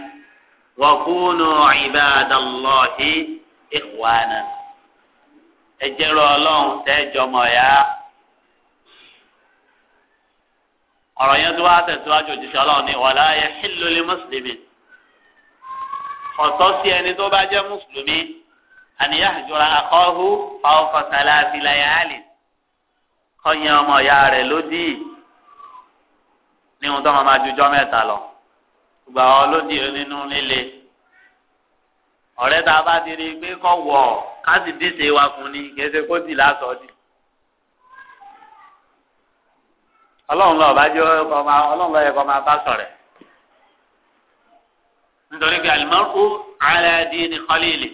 wọ́n kúnnù ìbádàlọ́hì ìwánà ẹ jẹ́rọ ọlọ́run tẹ́ jọmọ̀ ọ̀rọ̀ yẹn tó wá tẹ̀síwájú òjíṣẹ́ ọlọ́run ní wàlá yahillu lil mùsùlùmí ọ̀tọ́ sí ẹni tó bá jẹ́ mùsùlùmí an yahjura akhahu fawqa thalathi layali kọ́yìn ọmọ ìyá rẹ̀ lódì ní ohun tó máa máa jujọ́ mẹ́ta lọ gbà ọ lódì nínú líle ọ̀rẹ́ tá bá ti rí i pé kọ́ wọ̀ ká díṣe wa fún ni kì kó sì ọlọ́run lọ́ọ́ bá jẹ́ ọmọ ọlọ́run lọ́ọ́ yẹ kọ́ máa bá sọ̀rọ̀ nítorí pé àlùmọ́kù ala dini khalili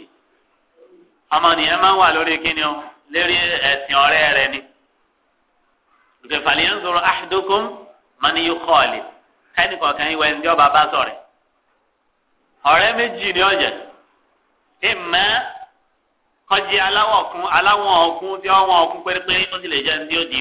ọmọnìyàn máa ń wà lórí kíni o lérí ẹ̀sìn ọ̀rẹ́ rẹ ni ìgbẹ̀fàlẹ́ sọ̀rọ̀ ahadukum bá ọ̀rẹ́ méjì ni ọ̀jẹ̀ ìmọ̀ kọjí aláwọ̀ aláwọ̀ tí ọ̀wọ̀ pérépéré ó lè jẹ́ ó di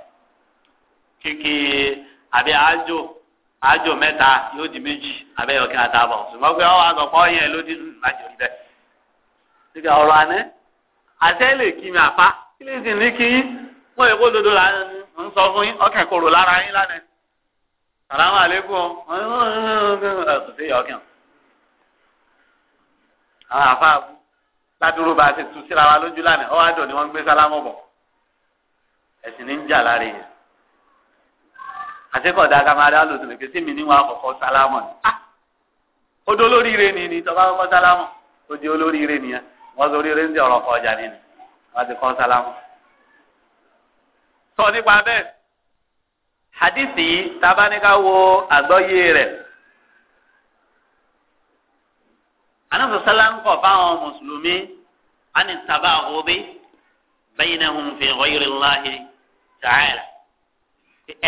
kíkì àbí àjò àjò mẹ́ta yóò di méjì àbẹ yọkẹ àtàbọ ṣùgbọ́n pé ọwọ́ àgọpọ yẹn ló dín lájò rí bẹ́ẹ̀. nígbà ọ̀rọ̀ àná àṣẹ lè kí mi àfa kí lè sì ní kí yín wọn èkó dodo là ń sọ fún yín ọkàn kòrò lára yín lánàá sàlámù àlékún ọ kò sí yọkàn. àwọn àfa ládùúró bá ti tu síra wa lójú lánàá ọwọ́ àdùn ni wọ́n ń gbé sálámù bọ̀ ẹ̀sìn ní ń jà lára yẹn àtikọ̀ da ká máa dá lòdù lè kí mi níwọ̀n àkọ́kọ́ sálámọ̀ ni. odò ah! olóríire ni ni tọ́ba kọ́kọ́ sálámọ̀ ó di olóríire nìyẹn wọ́n sọ oríire ń di ọ̀rọ̀ kọ ọjà nínú wọ́n ti kọ́ sálámọ̀. sọ nípa bẹ́ẹ̀ hadisi yìí tábà wo àgbọ́yé rẹ̀. anáfẹ́ sálámkọ̀ fáwọn mùsùlùmí á òbí bẹ́yìn náà hùn fi ghayri Allahi ta'ala.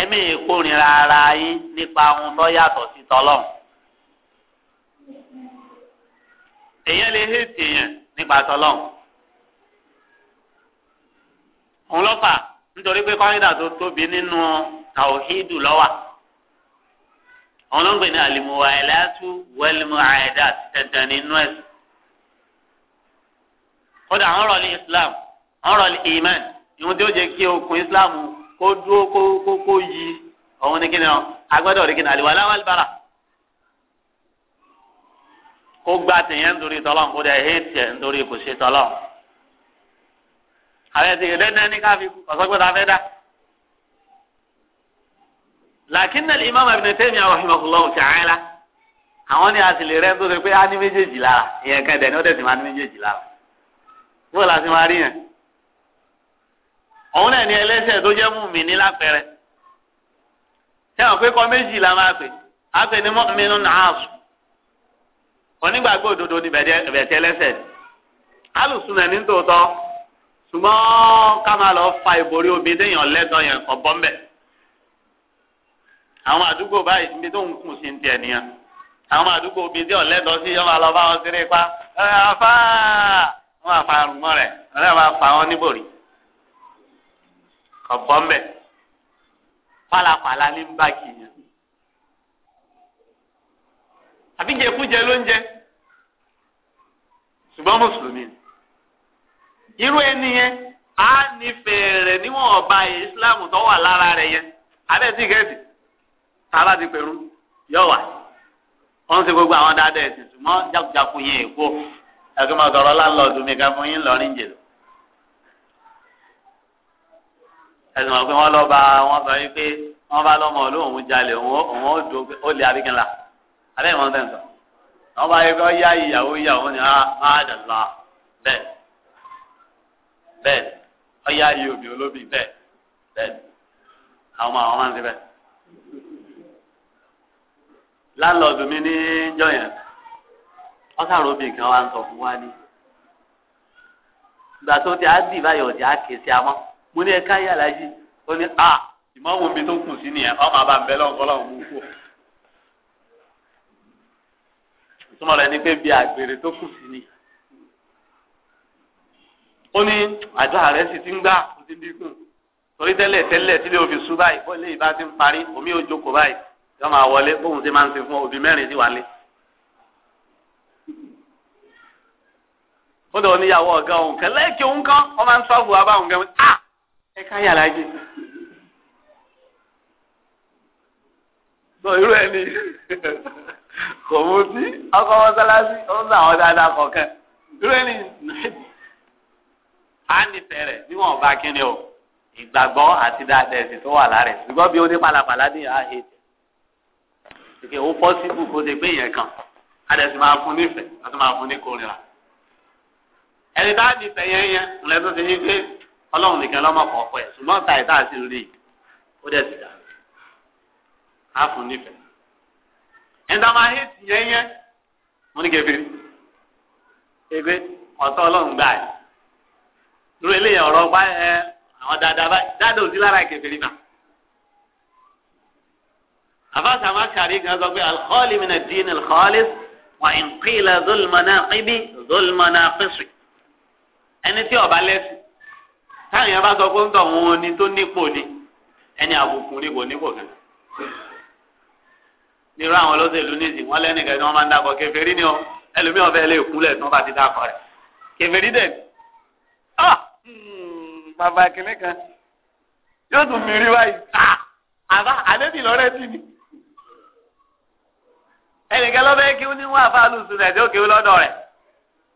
ẹ̀mí ìkórìíra ara yín nípa ohun tó yàtọ̀ sí tọ́lọ́hún. èèyàn lè hẹ́ẹ̀tì èèyàn nípa tọ́lọ́hún. òun lọ́fà nítorí pé kọ́ńdà tó tóbi nínú tàwíìdù lọ́wà àwọn ọlọ́ngbẹ̀ ní àlìmọ̀wá ẹ̀láàtú wẹ́lìmọ̀ àìdá tẹ̀tẹ̀ nínú ẹ̀sìn. kódà Islam tí ó jẹ́ kó dúró kó kó kó yí òun ni kíni ọ agbẹ́dọ̀ rí kíni àlìwà láwàlì bàrà kó gba tìyẹn nítorí tọ́lọ́ kó dẹ̀ hé tiẹ̀ nítorí kò ṣe tọ́lọ́ àwọn ẹ̀sìn ìdẹ́nẹ́ ní káfí ọ̀sọ́gbẹ́ta fẹ́ dá. لكن الإمام ابن تيمية رحمه الله تعالى àwọn ni àtìlè rẹ tó ṣe pé á ní méjèèjì lára ìyẹn kan dẹ̀ ni ó tẹ̀sí máa ní méjèèjì lára wọ́n òun náà ni ẹlẹ́sẹ̀ tó jẹ́ mùmí ní lápẹ̀rẹ̀ sẹ́wọ̀n pé kọ́ méjì la máa pè á pè ní mọ́mínú nàásù onígbàgbọ́ òdodo ni bẹ̀tẹ̀ ẹlẹ́sẹ̀ alùsùn náà ní tòótọ́ ṣùgbọ́n ká máa lọ fa ìborí omi déèyàn lẹ́tọ̀ yẹn kọ́ bọ́m̀bẹ̀ àwọn àdúgbò báyìí ibi tó ń kùn sí ti ẹ̀ nìyẹn àwọn àdúgbò omi tí ọ̀lẹ́tọ̀ sí yọ́n máa lọ bá wọn ṣeré pa ẹ̀ afá wọn àfa àrùn mọ́ rẹ̀ ọ̀rẹ́ wa fa wọn níbòrí. ọ̀pọ̀ mbẹ pálapàla ní báàgì yẹn àbí jẹkújẹ ló ń jẹ ṣùgbọ́n mùsùlùmí irú ẹni yẹn á nífẹ̀ẹ́ níwọ̀n ọba ìsìláàmù tó wà lára rẹ yẹn abẹ́tí gẹ̀ẹ́sì tààrà ti pẹ̀rú yọ̀ wọ́n ń gbogbo àwọn ẹsùn wọn pé wọn lọ bá wọn sọ yín pé wọn bá lọmọ olóhùn jalè òun ó dùn ó lè abíkínlá abẹ́ ìwọ̀n tẹ̀ ń sọ wọn bá yẹ kó yá ìyàwó ìyàwó ni ah, máa dàgbà bẹ́ẹ̀ bẹ́ẹ̀ ọ yá iye òbí olóbì bẹ́ẹ̀ bẹ́ẹ̀ àwọn ọmọ àwọn máa ń ṣe bẹ́ẹ̀ láńlọ́ọ̀dù mi ní jọ̀yẹn wọ́n sàrò obì kan wá ń sọ fún wa ní. ìgbà tó ti á dì báyọ̀ ọ̀dì mo ní ẹka yà láyé ó ní a ìmọ̀wò mi tó kù sí nìyẹn ọmọ àbá ń bẹ lọ́nkọ́lọ́hún mú kú. ìtumọ̀ rẹ̀ ni pé bí àgbèrè tó kù sí ni. ó ní àjọ ààrẹ sì ti ń gbà ó ti dínkù torí tẹ́lẹ̀ tẹ́lẹ̀ tí lè fi sùn báyìí bọ́ọ̀lì ìbá ti ń parí omi ò jókòó báyìí yọ máa wọlé bóun ṣe máa ń ṣe fún òbí mẹ́rin sí wálé. ó dọ̀ níyàwó ọ̀gá òun kan lẹ́ẹ̀kì òun kan wọ́n máa ń sọ́ọ̀bù abáhùn gan-an ẹ káyà lájì. sọ irú ẹni kò mú sí ọkọ mọ́sálásí ó ń sàwọn dáadáa kọ̀ọ̀kan irú ẹni á nífẹ̀ẹ́ rẹ̀ níwọ̀n bá kíni o ìgbàgbọ́ àti dáadáa ẹ̀sìn tó wà lára ẹ̀ ṣùgbọ́n bí oní pàlàpàlà ní ìhà èdè ìpè ó pọ́sibú kó lè gbé yẹn kan adẹ̀sí máa fún nífẹ̀ẹ́ àti máa fún ní kórìíra ẹni tá a nífẹ̀ẹ́ yẹn yẹn ńlẹ́ tó ti pé ọlọ́run nìkan lọ́mọ kọ̀ ọ̀pọ̀ ẹ̀ ṣùgbọ́n ta ìta àti rí i ó dẹ̀ sì dà á fún nífẹ̀ẹ́. ẹ̀ńtà máa hé tì yẹn yẹn mo ní kẹfìrí ẹgbẹ́ ọ̀tọ́ ọlọ́run gbà ẹ̀ lórí eléyà ọ̀rọ̀ bá ẹ àwọn dáadáa bá dáadáa òsì lára kẹfìrí náà. àfàṣà máa ṣàrí kan sọ pé alkọ́ọ̀lì mi nà dín alkọ́ọ̀lì wà ń kí ẹni tí ọba lẹ́sìn táwọn yẹn bá sọ pé ń tọ̀ wọn ni tó nípò ni ẹni àbùkù ni kò nípò kan nírú àwọn olóṣèlú ní ìsìn wọn lẹ́nìkan ni wọ́n máa ń dákọ̀ kèfèrí ni ọ ẹlòmíràn fẹ́ lè kúnlẹ̀ tí wọ́n bá ti dákọ̀ rẹ̀ kèfèrí dẹ̀ ah! hmm, bàbá kìnìún kan yóò tún mìírí báyìí ah! àbá àlébì lọ́rẹ́ tì ní ẹnìkan lọ́bẹ̀ kí ó ní wọ́n àfáà lùsùn nàìjíríà òkèwé lọ́dọ̀ rẹ̀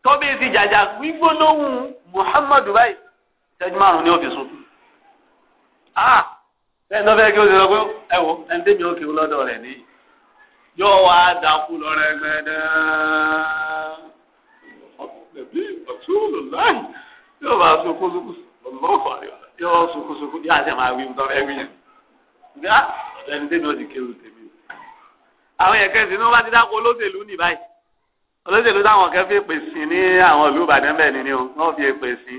tóbi ti jàjà gbígbóná Muhammadu báyìí ṣẹ́jú márùn-ún ni ó ah! bẹ́ẹ̀ ló fẹ́ kí o ṣe lọ pé ẹ wo ẹni tẹ́mi ó kí o lọ́dọ̀ rẹ̀ ní yóò wá dákú lọ rẹ gbẹdẹ. yóò máa sunkúnsunkún lọ́kọ̀ yóò sunkúnsunkún yóò àti máa wí mu ẹgbẹ́ yẹn. ǹgá ẹni tẹ́mi ó ti kéwù tèmi. àwọn yẹn kẹ́sì ní wọ́n bá ti dákú olóṣèlú nì báyìí olóṣèlú táwọn kẹ́ pèsè ní àwọn ìlú Ìbàdàn bẹ́ẹ̀ ni ni o wọ́n fi pèsè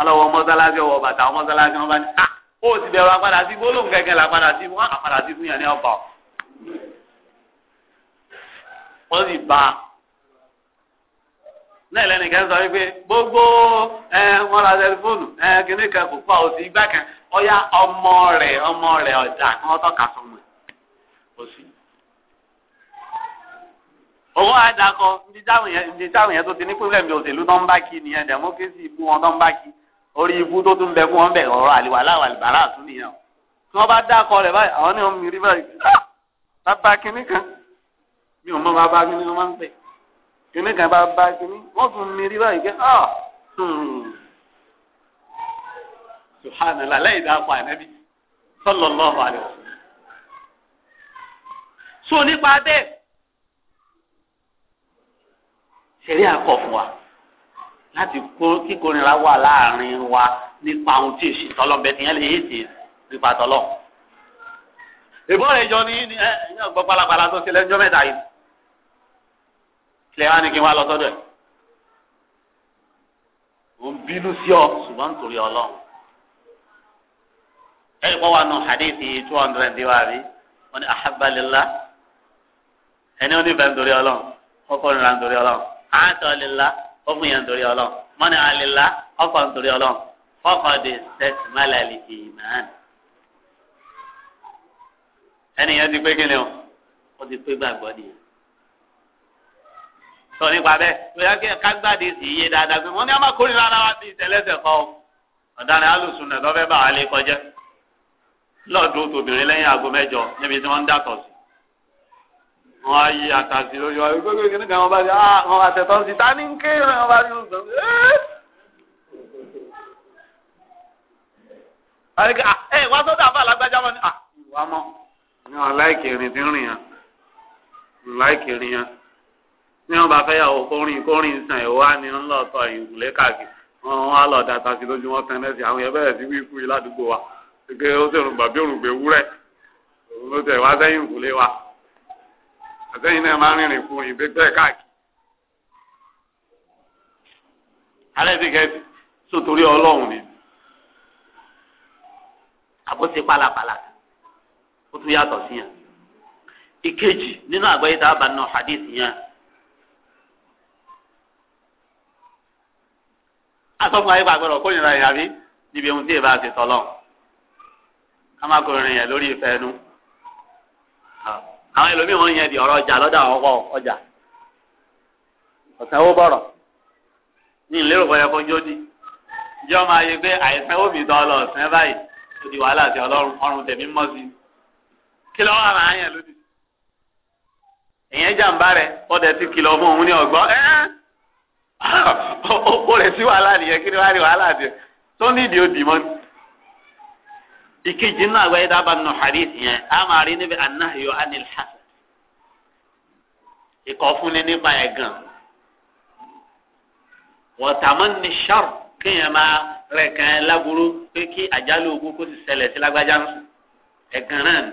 alọ́wọ́ mọ́sálásí ọwọ́ bàtà mọ́sálásí wọn bá ní ah ó ti bẹ̀rù apàdà sí gbólóhùn gẹ́gẹ́ la padà sí wọn àpàdà sí fún yàn ní ọ̀pá ó sì bá a náà lẹ́nìkan sọ wípé gbogbo ẹ wọn ra tẹlifóònù ẹ kíní kan kò fà òsì igbá kan ọyá ọmọ rẹ ọmọ rẹ ọjà kí wọn tọ́ka sọmọ òsì owó àdàkọ ibi táwọn yẹn tó ti ní pílẹ̀mì òṣèlú tó ń bá kí nìyẹn democracy ibú wọn tó ń bá kí orí ibú tó tún bẹ fún wọn bẹ ọ̀rọ̀ àlìwà láwà àlìbàrà àtún nìyẹn o tí wọn bá dákọ rẹ báyìí àwọn ní wọn mi rí báyìí ah! bàbá kínní kan mi ò mọ bàbá kínní wọn máa ń pè kínní kan bàbá kínní wọn tún mi rí báyìí pé ọ ah! hmm. subhanallah lẹ́yìn dáko ànábi sallallahu alaihi wasallam. so nípa bẹ́ẹ̀ ṣẹlẹ̀ àkọ fún wa láti kó kíkorinra wà láàrin wa nípa ohun tí èsì tọlọbẹ tí yẹn lè yé ti nípa tọlọ. ìbọn rẹ jọ ní ẹ ẹ gbọ́ pálapàla tó ṣẹlẹ̀ ńjọ́ mẹ́ta yìí tilẹ̀ wá ní kí n wá lọ sọ́dọ̀ ẹ̀. mo ń bínú sí ọ ṣùgbọ́n nítorí ọlọ́run. ẹ̀rí pọ́ wa nù hadithi two hundred dé wa rí wọ́n ní ahabalillah ẹni ó ní bẹ́ẹ̀ nítorí ọlọ́run kọ́kọ́ nira nítorí ọlọ́run àtọ́lillah ọkùnrin yẹn nítorí ọlọ́run mọ́ni àlìlá ọkọ̀ nítorí ọlọ́run fọ́kàndé sẹ́tì málàlì ìmáàn. ẹnìyẹn ti pé kí ni o ó ti pé gbàgbọ́ ni. sọ nípa bẹ́ẹ̀ bóyá kí ká gbàdé sí iye dáadáa pé wọ́n ní àmà kórìíra ara wa ti ìtẹ́lẹ́sẹ̀ kọ́ ọ̀daràn alùsùn náà lọ́fẹ́ bá wa lé kọjá lọ́ọ̀dún tòbìnrin lẹ́yìn aago mẹ́jọ níbi tí wọ́n ń dàtọ̀ sí wọn á yí àtàkì lórí wọn gbogbo kìnnì kan wọn bá di ah wọn àtẹ̀tọ́ sí ta ní ké wọn bá di ọ̀sán ẹ́ ẹ wá sọ́dọ̀ àbá alágbájá wọn ni ìwà mọ́ ní wọn láìkì rìn tí ń rìn yẹn láìkì rìn yẹn ní wọn bá fẹ́ yà kórìn kórìn sàn ìwọ á ní ńlọ sọ ìwúlé káàkiri wọn wọn á lọ da àtàkì lójú wọn tẹ́ lẹ́sìn àwọn yẹn bẹ̀rẹ̀ sí wíwú yìí ládùúgbò wa gẹ́gẹ́ ó sì rùn bàbí òrùngbè wúrẹ̀ òun àtẹ̀yìn náà máa ń rìnrìn fún ìgbé bẹ́ẹ̀ káàkiri. alẹ́ ti kẹ́sì sótórí ọlọ́run ni àbóse pálapàla ó tún yàtọ̀ sí yàn. ìkejì nínú àgbáyé tá a bá nù hadith yẹn. asọ́fún ayé gbàgbọ́dọ̀ kó nira ìyá bí níbi ohun tí èèbá ti tọ́lọ̀ ká má kó rìn yẹn lórí ìfẹ́ nu àwọn ẹlòmíì wọn yẹn di ọ̀rọ̀ ọjà lọ́dọ̀ àwọn ọkọ ọjà ọ̀sán owó bọ̀rọ̀ ní ìlérò bọ̀yẹ kó jó di jọ́ máa yẹ pé àìsàn ó mi dán lọ ọ̀sán báyìí ó di wàhálà àti ọlọ́run ọrùn tẹ̀mí mọ́ sí i kí lọ́wọ́ àwọn àyàn lódì ìyẹn jàǹbá rẹ̀ ọ̀dẹ̀ ti kìlọ̀ fún òun ní ọ̀gbọ́n ẹ́ ó rẹ̀ sí wàhálà nìyẹn kí ni wàhálà tiẹ̀ tó ní ó dì mọ́ ni ìkejì náà àgbáyé dábà nù hadith yẹn a máa rí níbi anahiyo anil hasan ìkọ̀ fúnni nípa ẹ̀ gan wọ̀tàmọ́ ni sharp kéèyàn máa rẹ̀ kàn án láburú pé kí àjálù ogun kó sì ṣẹlẹ̀ sí lágbájá ń sùn ẹ̀gàn náà ni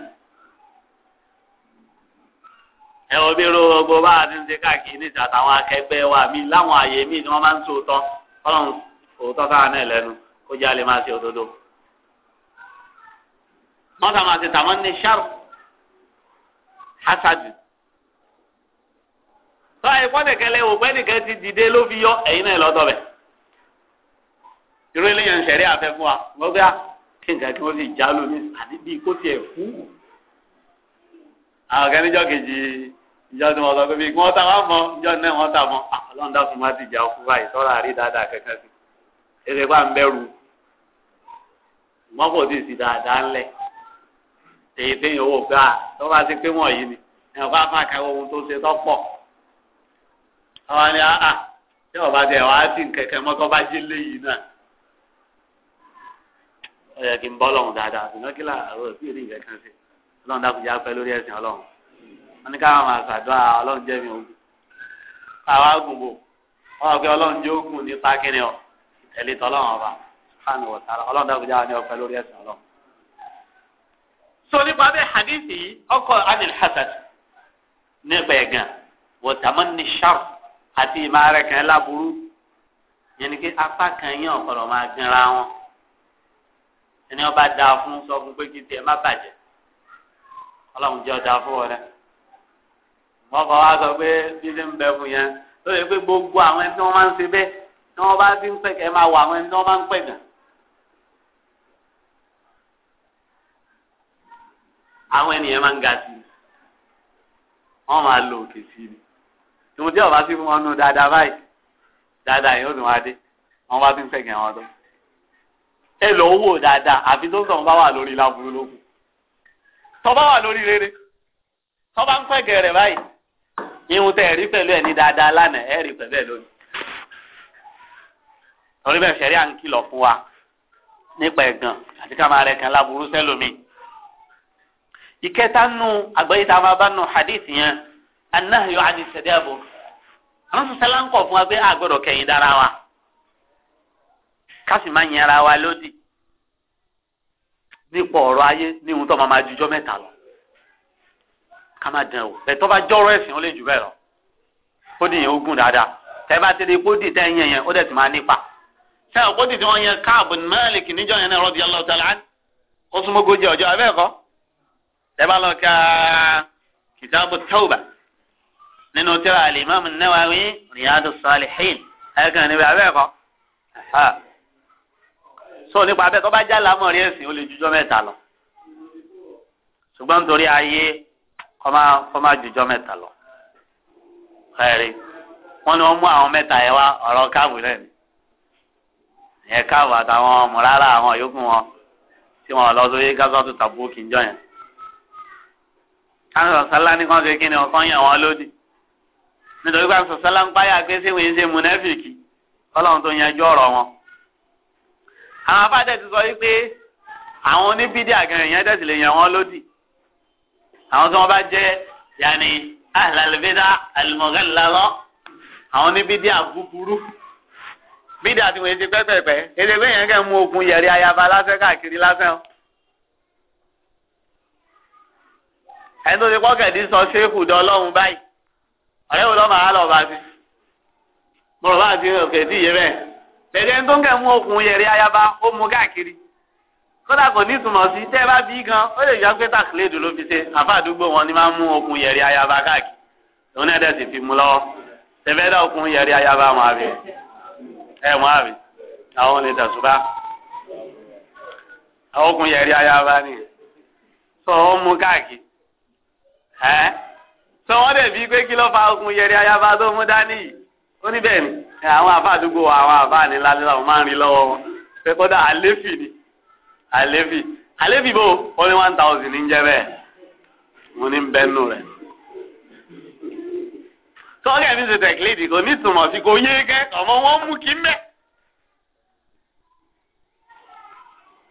ẹ wọ bí ro gbogbo bá a ti ń ṣe káàkiri ní ìta àtàwọn akẹgbẹ́ wa mi láwọn àyè mi ni wọ́n máa ń sòótọ́ ọlọ́run sòótọ́ sáà náà lẹ́nu kó jẹ́ àlè máa ṣe òdodo wọn kà máa ṣe tàwọn ní sharp hasad tọ́lá ìpọ́nìkẹ́lẹ́ òpẹ́nìkẹ́ ti dìde ló fi yọ ẹ̀yin náà lọ́dọ̀ bẹ̀ irú eléyàn ń ṣẹ̀rí àfẹ́ fún wa wọ́n gbé kí nǹkan kí wọ́n sì já lómi àti bíi kó tiẹ̀ kú àwọn kan níjọ́ kejì ìjọ tí wọ́n sọ pé bí wọ́n ta wá mọ́ ìjọ náà wọ́n ta mọ́ ọlọ́run dákun má ti jà ó fún báyìí tọ́lá rí dáadáa kankan sí eré pa ń bẹ̀rù mọ́kò sì sí dáadáa ńlẹ̀ èyí tí yòówó gbà tó bá ti pé wọ̀nyí ni ẹ̀ wá máa ka ohun tó ṣe tó àwọn ni àà ah, ah, tí wọ́n bá tẹ̀ wá sí kẹ̀kẹ́ mọ́tò bá jí léyìí náà ó yẹ kí n bọ́ lọ́hùn dáadáa ṣùgbọ́n kí làárọ̀ bí èdè ìgbẹ́ kan ṣe ọlọ́run dákúnjẹ́ apẹ́ lórí ẹ̀sìn ọlọ́run wọn ní káwọn máa ṣàdúrà ọlọ́run jẹ́ mi ogun àwa gùnbò wọn ọ̀gá ọlọ́run jẹ́ ogun nípa kíni ọ ìtẹ̀lé tọ́lọ́run ọba fáànù wọ̀tá ọlọ́run dákúnjẹ́ àwọn lórí ẹ̀sìn ọlọ́run so nípa bẹ́ẹ̀ hadithi yìí ọkọ̀ anil hasad nípa ẹ̀gàn wọ̀tàmọ́ ní sharp àti ìmọ̀-ara kan láburú yẹnni pé apá kan yẹn ọ̀pọ̀lọ̀ máa ganra wọn ẹni ọba dáa fún sọ fún pé kí tiẹ̀ má bàjẹ́ ọlọ́run jẹ́ ọ̀dà fún ọ rẹ wọ́n kọ́ wá sọ pé bíbí ń bẹ fún yẹn lóye gbogbo àwọn ẹni tí wọ́n máa ń ṣe bẹ́ẹ̀ tí wọ́n bá ti ń pẹ̀kẹ́ máa wọ àwọn ẹni tí wọ́n máa àwọn ènìyàn máa ń ga sí i wọ́n máa lo òkè sí i tòun tí ọba sí fún wọn nù dáadáa báyìí dáadáa yìí ó dùn wá dé wọ́n bá ti ń fẹ̀gẹ̀ wọn tó ẹ lọ wò dáadáa àfi tó sọ̀rọ̀ bá wà lórí láburú lókun tọ́ba wà lórí rere tọ́ba ń fẹ̀gẹ̀ rẹ̀ báyìí ihun tẹ̀ rí pẹ̀lú ẹ̀ ní dáadáa lánàá ẹ̀ rí pẹ̀lú ẹ̀ lónìí torí bẹ́ẹ̀ fẹ́rí à ń kìlọ̀ fún wa nípa ẹ̀gàn àti ká máa rẹ̀ kan láburú sẹ́lómi ìkẹta nù àgbáyé tá a máa bá nù hadith yẹn anahyọ anisẹdẹ àbò àwọn sọsẹlá ń kọ fún wa pé a gbọ́dọ̀ kẹ̀yìn dára wa ká sì má yẹn ara wa lódì nípa ọ̀rọ̀ ayé ní ohun tó máa máa jujọ mẹ́ta lọ ká má dán o bẹ́ẹ̀ tó bá jọ̀rọ̀ ẹ̀sìn ó lè jù bẹ́ẹ̀ lọ ó dì yẹn ogún dáadáa tẹ bá ti di kó dì tẹ yẹn yẹn ó dẹ̀ ti máa nípa sẹ ọkọ dì tí wọn yẹn káàbù mẹlìkì níjọ yẹn náà rọdìyàn lọ tẹlẹ ó súnmọ́ ogójì ọjọ́ abẹ́ẹ̀kọ́ ẹ bá lọ ka kìtàbù tawba nínú tíra alimami nawawi riyadu salihin ẹ kàn níbi abẹ́ kọ́ so nípa abẹ́ tó bá já lámọ̀rí ẹ̀sìn ó lè jújọ́ mẹ́ta lọ ṣùgbọ́n nítorí ayé kọ́má kọ́má jújọ́ mẹ́ta lọ ẹ̀rí wọ́n ní wọ́n mú àwọn mẹ́ta yẹn wá ọ̀rọ̀ káàbù náà ni ìyẹn káàbù àtàwọn mùrárà àwọn yòókù wọn tí wọn lọ sórí gásọ́tù tàbú kìjọ yẹn káwọn sọ̀sálá ní kàn ṣe kí ni ọ̀kan yàn wọ́n lódì nítorí pé sọ̀sálá ń páyà pé síwèé ń ṣe mùnẹ́fìkì kọ́lọ́run tó yanjú ọ̀rọ̀ wọn. àwọn afáàdé ti sọ wípé àwọn oníbídìí àgẹ̀rẹ̀ yẹn tẹ̀sí lè yàn wọ́n lódì àwọn tí wọ́n bá jẹ́ yàní àlàlùbídà àlùmọ̀gánilálọ́ àwọn oníbídìí àbúburú bídìí àti wọ́n ti pẹ́pẹ́pẹ́ èdè pé kẹ́ mú okun yẹ̀rí ayaba lásán káàkiri lásán ẹni tó ti pọ́kẹ̀dì sọ ṣéèkù dán ọlọ́run báyìí ọ̀rẹ́ wo lọ́mọ àálọ̀ bá ti mo rọ̀ bá ti òkè tí bẹ́ẹ̀ tẹ̀lé ẹni tó ń kẹ́ mú okùn yẹrẹ ayaba ó mu káàkiri kódà kò ní ìtumọ̀ sí tẹ́ ẹ bá bí gan ó lè yọ pé tàkìlédù ló fi ṣe àfa àdúgbò wọn ni máa ń mú okùn yẹrẹ ayaba káàkiri òun náà dẹ̀ fi mu lọ́wọ́ tẹ̀fẹ́ dá okùn yẹrẹ ayaba wọn àbí ẹ̀ wọn àbí àwọn olè tẹ̀sùbá àwọn okùn yẹrẹ ayaba ni sọ ó mu káàkiri ẹ sọ wọn dẹ̀ bíi pé kí ló fa okùn yẹri ayaba tó mú dání yìí ó ní bẹ́ẹ̀ ni àwọn àfa àdúgbò àwọn àfa ànílá nílá wọn máa ń rí lọ́wọ́ wọn pé kódà àléfì ni àléfì àléfì bò ó ní one thousand ń jẹ́ bẹ́ẹ̀ mo ní bẹ́ẹ̀nù rẹ̀ sọ́kẹ́ mi ṣe tẹ̀kílì dì kò ní ìtumọ̀ sí kò yé kẹ́kọ̀ọ́ mọ́ wọ́n mú kí mẹ́ẹ̀.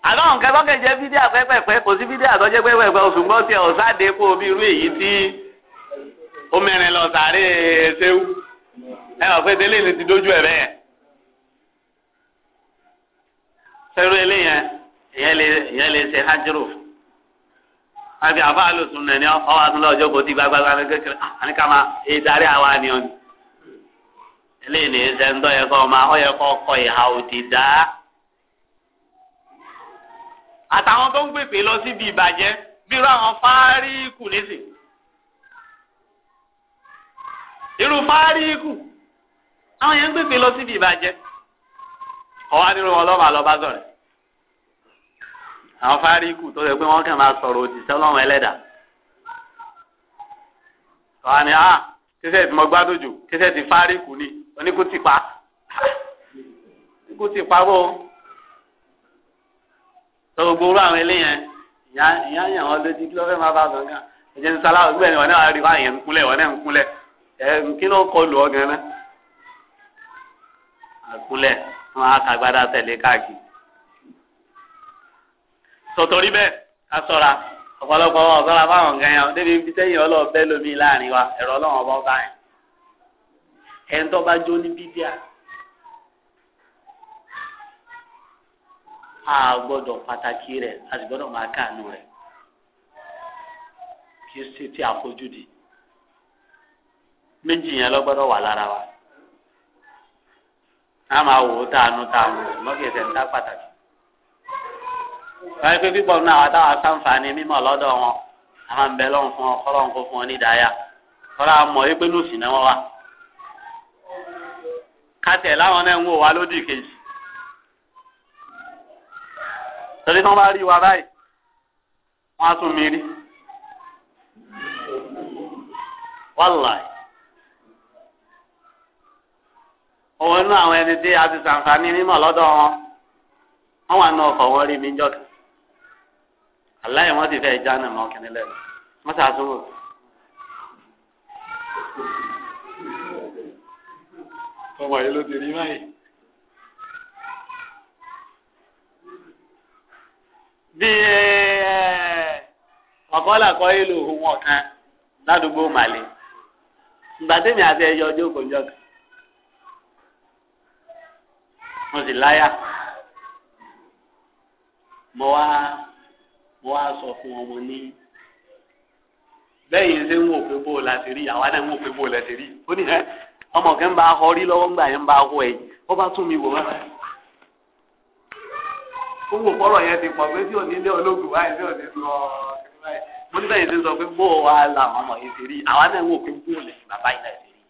àbáwọn nǹkan tó kẹjẹ fídíà pẹ́pẹ́pẹ́ kò sí fídíà tó jẹ́ pẹ́pẹ́pẹ́ oṣù gbọ́ tiẹ̀ ọ̀sáde kó o irú èyí tí omirin lọ sàárè ṣéwú ẹ wà pé délé ni ti dójú ẹ bẹ́ẹ̀ sẹ́rú eléyẹn ìyẹn lè ṣe hájúrò àbí àbá àlòsùn nẹ̀ ní kò ti gbàgbàgbà ní kékeré àníkà ah, máa ìdarí àwa ni ọ eléyìí ni ṣe ń ọ ọ yẹ àtàwọn tó ń gbèpè lọ síbi ìbàjẹ́ bírú àwọn fáríkù nísìn irú fáríkù àwọn yẹn ń gbèpè lọ síbi ìbàjẹ́ ọwọ́ nínú wọn lọ́ba lọ́ba sọ̀rọ̀ àwọn fáríkù tó yẹ pé wọ́n kàn máa sọ̀rọ̀ òtítọ́ lọ́wọ́ ẹlẹ́dàá ọ̀hún ni ah kíṣẹ́ ti mọ gbádùn jù kíṣẹ́ ti fáríkù ni oníkùtìpa oníkùtìpa bó sọ gbogbo orú àwọn eléyẹn ìyá ìyá yẹn wọn lójú kí ló fẹ́ máa bá sọ gan ẹ̀jẹ̀ ń sálá ọgbẹ́ ni wọn náà rí báyẹn ń kúnlẹ̀ wọn náà ń kúnlẹ̀ ẹ̀ kí ló kọ lù ọ gan ná àkúnlẹ̀ wọn á kàgbádá tẹ̀lé káàkiri sọ̀tọ̀rí bẹ́ẹ̀ ká sọ̀ra ọ̀pọ̀lọpọ̀ ọ̀sọ́ra fáwọn nǹkan yẹn débi ibi tẹ́yìn ọlọ́ọ̀bẹ lómi láàrin wa ẹ̀rọ ọlọ́wọ́n bá bá yẹn ẹ̀ńtọ́ bá jó ní bíbíà a gbọ́dọ̀ pàtàkì rẹ a sì gbọ́dọ̀ máa káànú rẹ̀ kí ó sì ti àfojúdi méjì yẹn ló gbọ́dọ̀ wà lára wa a máa wò ó tàánú tàánú mọ́kìsẹ̀ ń dá pàtàkì wọ́n pé pípọ̀ náà àwọn sáǹfààní mímọ̀ lọ́dọ̀ wọn a máa ń bẹ lọ́hùn fún ọ kọ́lọ́hùn kó fún ọ ní ìdáyà kọ́lá mọ̀ wípé náà wà láwọn náà ń wò wá lódì torí tán bá rí wa báyìí wọ́n á tún mi rí wàláì òun inú àwọn ẹni tí a ti sàǹfààní mímọ̀ lọ́dọ̀ wọn wọ́n wà nù ọkọ̀ wọn rí mi jọ kan aláì wọ́n ti fẹ́ jáná mọ́ kìnìún lẹ́nu wọ́n ṣàtúwò. ọmọ yìí ló ti rí báyìí. bí eh, ọ̀kọ́lá kọ́ ìlú òun ọ̀kan ládùúgbò màlẹ́ ìgbà tèmi àti ẹyọ ọjọ́ òkòjọ́ kan mo sì láyà mo wá mo wá sọ fún ọmọ ní bẹ́ẹ̀ yẹn ṣe ń wò pé bó o la rí àwa náà ń wò pé a a họ ẹ̀yìn ó bá tún mi wò ó wò yẹn ti pọ̀ pé tí ò ilé ológun báyìí tí ò lọ mo ní bẹ́ẹ̀ ni sọ pé bó wa la àwọn ọmọ yìí ti rí àwa náà wò pé bó lè bàbá yìí náà ti rí.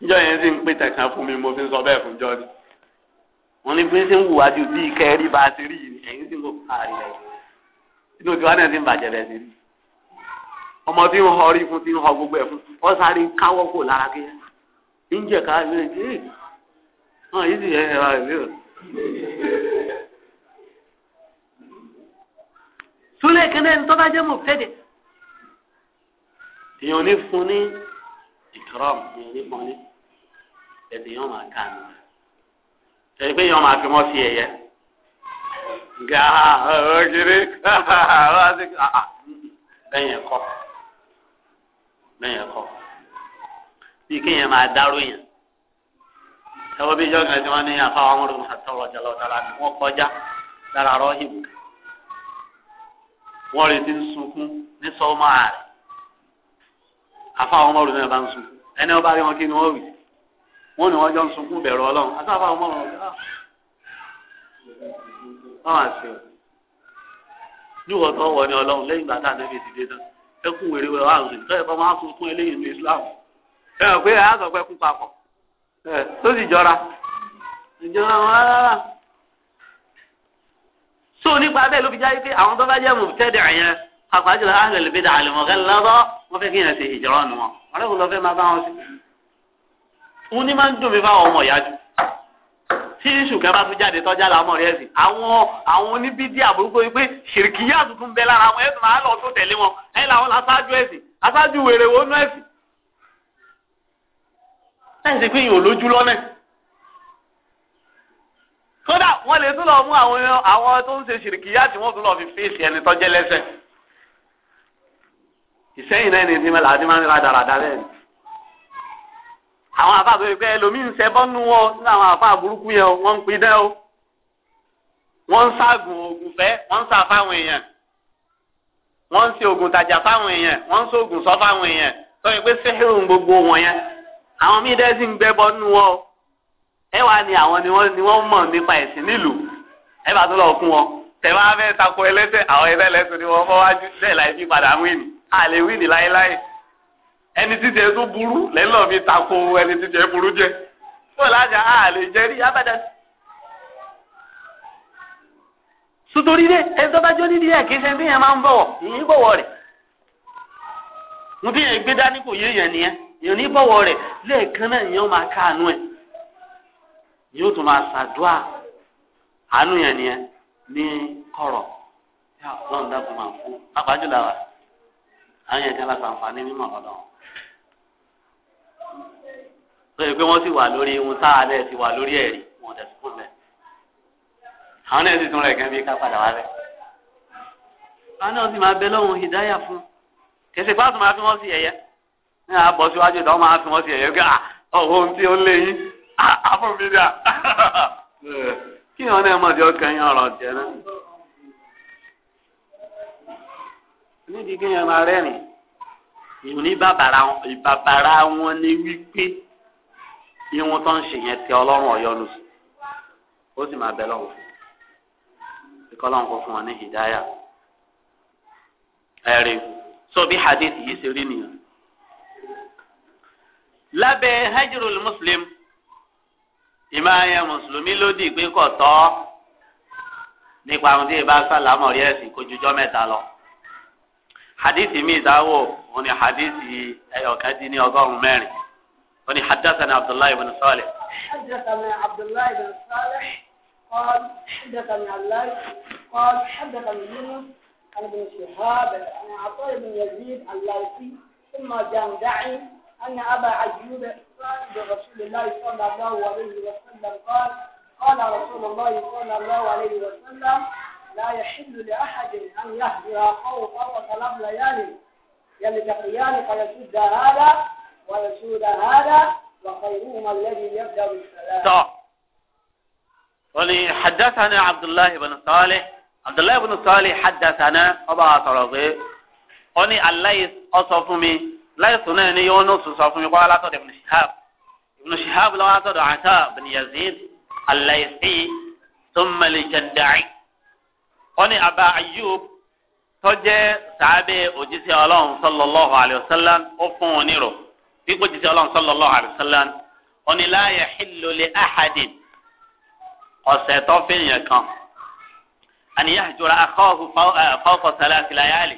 níjọ́ yẹn sì ń pè tẹ̀sán fún mi mo fi ń sọ bẹ́ẹ̀ fún jọ́ọ̀dì wọ́n ní bí ń sìn wùwá ju bí kẹ́rí bá ti rí yìí ẹ̀yìn sì ń wò káàrin ẹ̀ inú tiwa náà ti ń bàjẹ́ bẹ́ẹ̀ ti rí ọmọ tí ń họrí fún tí ń họ gbogbo ẹ̀ fún ọ sáré ń káwọ́ kò lára kéèyàn ń jẹ̀ ká ẹ̀ súlẹ̀ kẹ́lẹ́ ní tọ́ba jẹ́ mọ̀tẹ́dẹ̀. èèyàn ní fún ní ìkọ́rọ̀m èèyàn ní fún ní ẹ̀sìn yóò máa ká mi. ẹ̀rí pé yóò máa fi wọ́n fi ẹ̀yẹ. gàá ọ̀gẹ̀rẹ̀ bẹ́ẹ̀ yẹn kọ́ bẹ́ẹ̀ yẹn kọ́ bí kéèyàn máa dárò yẹn ẹwọ bí ìjọ kan tí wọn ní àfáwọn ọmọdé wọn àtọwọ jọlọ tala ni wọn kọjá lára rọhìm wọn retí ń sunkún ní sọmọ ààrẹ àfáwọn ọmọdé náà bá ń sunkún ẹni wọn bá rí wọn kí ni wọn wì wọn ni wọn jọ ń sunkún bẹ̀rù Ọlọ́run àti àfáwọn ọmọdé wọn bá wọn àṣẹ o níwọ tó wọ ni Ọlọ́run lẹ́yìn gbàtà níbi ìdílé náà ẹkún wèrè wẹrẹ wà lóṣèlú tọyẹ fọmọ àtúntún eléyìí ní Islam ẹ ọ pé ẹ á sọ pé kú papọ̀ ẹ tó sì jọra ìjọba wọn rárá so nípa bẹ́ẹ̀ ló fi jáde pé àwọn tó bá jẹ́ mùtẹ́dẹ̀ yẹn àpàjọ àhẹlẹ bí dàlẹ mọ̀kẹ́ lọ́dọ́ wọ́n fẹ́ kí yẹn ṣe ìjọra nù wọn ọ̀rẹ́ kò lọ fẹ́ máa bá wọn sí. wọn ní máa ń dùn mí fáwọn ọmọ ìyá jù tí iṣu kẹfà tún jáde tọ́jà làwọn ọ̀rẹ́ ẹ̀sìn àwọn àwọn oníbídí àbúrúkọ wípé ṣìrìkìyà tuntun bẹ lára wọn ẹ̀sìn máa lọ tó tẹ̀lé wọn ẹ̀ làwọn aṣáájú ẹ̀sìn aṣáájú wèrè wọnú ẹ̀sìn láì ṣe pé yìí ò lọ́nà kódà wọ́n lè tún lọ mú àwọn àwọn tó ń ṣe ṣìrìkìyà tí wọ́n tún lọ fi fèsì ẹni tọ́jẹ́ lẹ́sẹ̀ ìsẹ́yìn náà ni ìdímẹ́lá àti máa ń ra dáradára bẹ́ẹ̀ ni àwọn àfa àbẹ̀rẹ̀ pé ẹlòmíì ń sẹ́ bọ́nú wọ nínú àwọn àfa àbúrúkú yẹn wọ́n ń pidán o wọ́n ń ṣàgùn oògùn fẹ́ wọ́n ń sà fáwọn èèyàn wọ́n ń ṣe oògùn tàjà fáwọn èèyàn wọ́n ń ṣe sọ fáwọn èèyàn tó yẹ pé sẹ́hìn gbogbo wọn yẹn àwọn míì dẹ́sí ń gbẹ́ bọ́ nínú wọn ẹ wá ní àwọn ni wọ́n ni wọ́n mọ̀ nípa ẹ̀sìn nílùú ẹ bá tó lọ kún wọn tẹ bá fẹ́ tako ẹlẹ́sẹ̀ àwọn ẹlẹ́sẹ̀ ni wọ́n fọ́ wájú bẹ́ẹ̀ láì fi padà wíìnì àlè wíìnì láéláé ẹni títí ẹ tó burú lẹ́lọ́ mi tako ẹni títí ẹ burú jẹ fún ìlàjà àlè jẹrí abẹ́dẹ́. sotori dẹ ẹni tó bá jó nídìí ẹ kìí ṣe ní yẹn máa ń bọ̀wọ̀ ìyín bọ̀wọ̀ rẹ̀ mo fi yẹn gbé dání kò yé yẹn nìyẹn èèyàn ní bọ̀wọ̀ rẹ̀ lẹ́ẹ̀kan náà èèyàn máa káàánú ẹ̀ yóò tún máa ṣàdúà àánú yẹn nìyẹn ní kọ̀rọ̀ yà lọ́n dákun máa fún apájú làwà àwọn yẹn kan láti àǹfààní mímọ̀ lọ́dọ̀ wọn. lóye pé wọ́n sì wà lórí ohun tá a lẹ́ẹ̀ ti wà lórí ẹ̀rí wọn ò dẹ̀sùn fún àwọn náà sì tún rẹ̀ gan bí ká padà wá rẹ̀. àwọn náà sì máa bẹ lọ́hùn ìdáyà fún kèsì pàtó máa fi wọ́n sí ẹ̀yẹ ní àbọ̀ síwájú ìdánwò máa fi wọ́n sí ẹ̀yẹ́ gà ọ̀hún tí ó lé yín àfọ̀mídà kí wọn náà mọ̀ sí ọkàn yín ọ̀rọ̀ tiẹ̀ náà. nídìí kí yẹn máa rẹ́rìn ìwọ ní bàbàrà wọn ni wípé ìwọ̀n tó ń ṣe yẹn tẹ ọlọ́run ọ̀yọ́nu ó sì máa bẹ lọ́wọ́ kíkọ́ lọ́run kó fún wọn ní hìdáyà ẹ̀rí sọ bí hadith yìí ṣe rí nìyẹn lábẹ́ hajjurul muslim ìmáyẹ mùsùlùmí lódì pé kò tọ́ nípa àwọn tí ì bá sàlámọ̀ rí ẹ̀sìn kojújọ́ mẹ́ta lọ. hadithi mi ìdáwó òun ni hadithi ẹ̀yọ̀kan dín ní ọgọ́rùn-ún mẹ́rin òun ni hadathana abdullahi ibn salih. hadathana abdullahi ibn salih قال حدثني الله قال حدثني يونس عن ابن شهاب عن عطاء بن يزيد الليثي ثم جاء داعي أن أبا أيوب كان رسول الله صلى الله عليه وسلم قال قال رسول الله صلى الله عليه وسلم لا يحل لأحد أن يهجر قوم فوق ليالي ليال يلتقيان فيسد هذا ويسود هذا وخيرهما الذي يبدأ بالسلام. حدثنا عبد الله بن صالح عبد الله بن صالح حدثنا أبا عطرزي قني الليث أصفمي láìsùn náà ni yóò nùsùn sọ fún mi kó alátọ̀dọ̀ ibùn shihab ibùn shihab lọ́wọ́ alátọ̀dọ̀ ata bin yazid alaisi tumali jandai wọ́n ní aba ayub tọ́jẹ́ sàábẹ́ òjíṣẹ́ ọlọ́run sallallahu alayhi wa sallam ó fún wọn nírò bí kò jíṣẹ́ ọlọ́run sallallahu alayhi wa sallam wọ́n ní la yahillu li ahadin ọ̀sẹ̀ tọ́fẹ̀yìn kan an yahjura akhahu fawqa thalath layali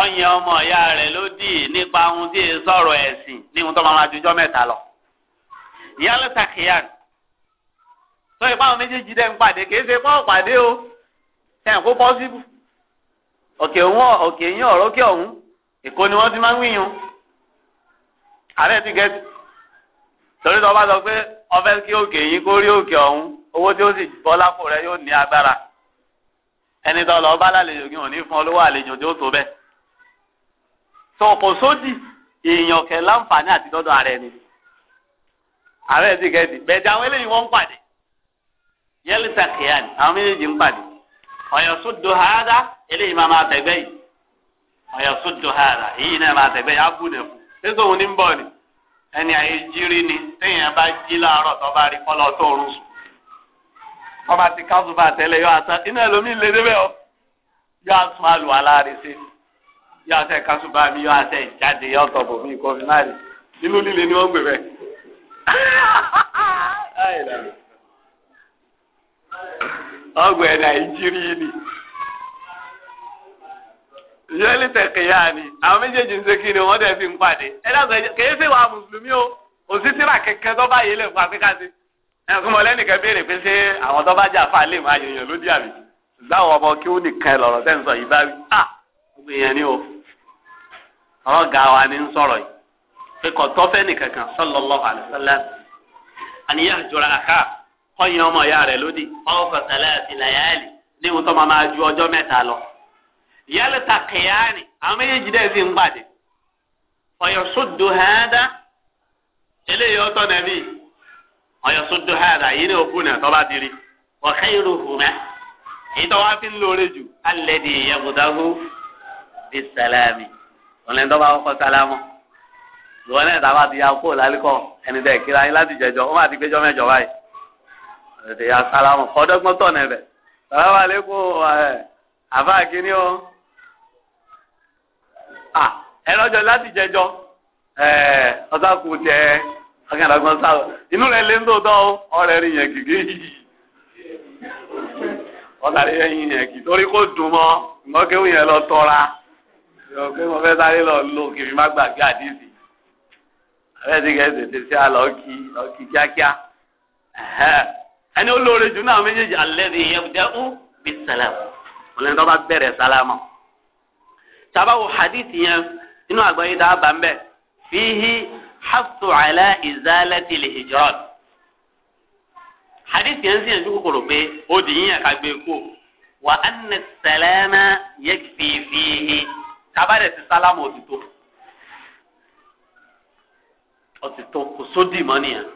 ọyàn ọmọ ìyá rẹ̀ ló dì nípa ohun tí èso ọ̀rọ̀ ẹ̀sìn ní ohun tó máa máa jujọ́ mẹ́ta lọ. ìyá sàkíyàn tó ipá àwọn méjèèjì dẹ́ pàdé kì í ṣe fọ́ pàdé o ẹ̀ kó pọ́síbù òkè òun òkè yín ọ̀rọ̀ kí ọ̀hún èkó ni wọ́n ti máa ń wíyàn ààrẹ ti gẹ́tì torí tó bá sọ pé ọfẹ́ kí òkè yín kó rí òkè ọ̀hún owó tí ó sì bọ́ lápò rẹ yóò ní agbára ẹni tó lọ bá lálejò kí wọn ní fún ọ lówó àlejò tí ó tó bẹ́ẹ̀. tó kò sódì èèyàn kẹ láǹfààní àti dọ́dọ̀ ara ẹni ààrẹ ti kẹ́ẹ̀dì bẹ̀ẹ̀dì àwọn eléyìí wọ́n ń pàdé yẹ́lísà kìíyàní àwọn méjèèjì ń pàdé ọ̀yọ̀ sódò hàádá eléyìí máa máa tẹ̀gbẹ́ yìí ọ̀yọ̀ sódò hàádá èyí náà máa tẹ̀gbẹ́ yìí ábùdẹ̀ fún ṣéṣe òun ní ń bọ̀ ni ẹni àyè jírí ni téèyàn bá jí láàárọ̀ tó bá rí kọ́lọ́ tó rùn sùn wọ́n bá ti káṣù bá tẹ́lẹ̀ yọ àtà iná ẹlòmíì lé ọ yọ àtún àlù aláàrẹ̀ sí i. yóò àṣẹ kásùbà mi yóò àṣẹ ìjáde yóò tọ̀ bò mí kọ́ fi má rí nínú líle ni wọ́n gbé bẹ́ẹ̀. ọgbẹ́ nàìjíríà ni yẹ́lí tẹ̀kẹ̀yà ni àwọn méjèèjì ń ṣe kí ni wọ́n dẹ̀ fi ń pàdé ẹ dàgbẹ́ kèé ṣe mùsùlùmí o òsì tíra kẹ̀kẹ́ tó bá yẹlẹ̀ fún akékàtì ẹ̀kún mọ́ béèrè pé ṣé àwọn tó bá jà fà lè máa yẹ̀yẹ̀ lódì àbí ṣùgbọ́n àwọn ọmọ kí ó nìkan lọ̀rọ̀ tẹ́ ń sọ yìí bá rí ah gbìyànjú o ọ̀gá wa ni ń sọ̀rọ̀ yìí pé kò tọ́fẹ́ nìkankan sallallahu alaihi wasallam àníyàn jọra àká kọ́yìn ọmọ ìyá rẹ̀ lódì ọ̀hún kọ̀sẹ̀lẹ̀ àti làyáàlì ní ìwọ̀n tó máa máa ju ọjọ́ mẹ́ta lọ. yálẹ̀ ta kìíyàní àwọn méjèèjì dẹ́ fi ń gbàdé ọ̀yọ̀ sódò hẹ́ẹ́dá eléyìí ọ̀tọ̀ nàbí ọ̀yọ̀ sódò hẹ́ẹ́dá yìí ní òkú náà tọ́ba diri ọ̀kẹ́ irú hùmẹ́ èyí fi ń lóore jù alẹ́ di ìyàgùdágún bíi sàlámì ọ̀lẹ́ tó bá kọ́kọ́ sálámọ̀ ìwọ náà tá ti ya kó lálẹ́kọ̀ ẹni tẹ̀ kíra yín láti jẹjọ ó má ti péjọ mẹ́jọ báyìí tètè ya sálámọ̀ kọ́dọ́gbọ́n tọ̀ nẹ̀bẹ̀ bàbá wa lé o ẹ lọ́jọ́ láti jẹjọ kù inú rẹ̀ lé ọ̀rẹ́ rí yẹn kìkì yẹn kì torí kó dùn mọ́ yẹn lọ tọ́ra. ọ̀kẹ́ mo fẹ́ sáré lọ lo kèmí má gbàgbé àdìsí abẹ́rẹ́ ti kẹ́ tètè sí àlọ́ kí lọ kí kíákíá ẹni olóore jù náà méjèèjì alẹ́ ni ìyẹn jẹ́ ń bí sẹlẹ̀ ọ̀lẹ́ tó bá bẹ̀rẹ̀ sálámọ̀ sábàwò hadithi yẹn inú àgbáyé tá a bá ń bẹ̀ fihi haftu ala izalati lihijirat hadithi yẹn sì yẹn dúkú kòrò pé ó dì yín yẹn ká gbé kú wa anna salama yakfi fihi. tabadẹ ti otito otito òtítọ́ kò sódì mọ́ nìyẹn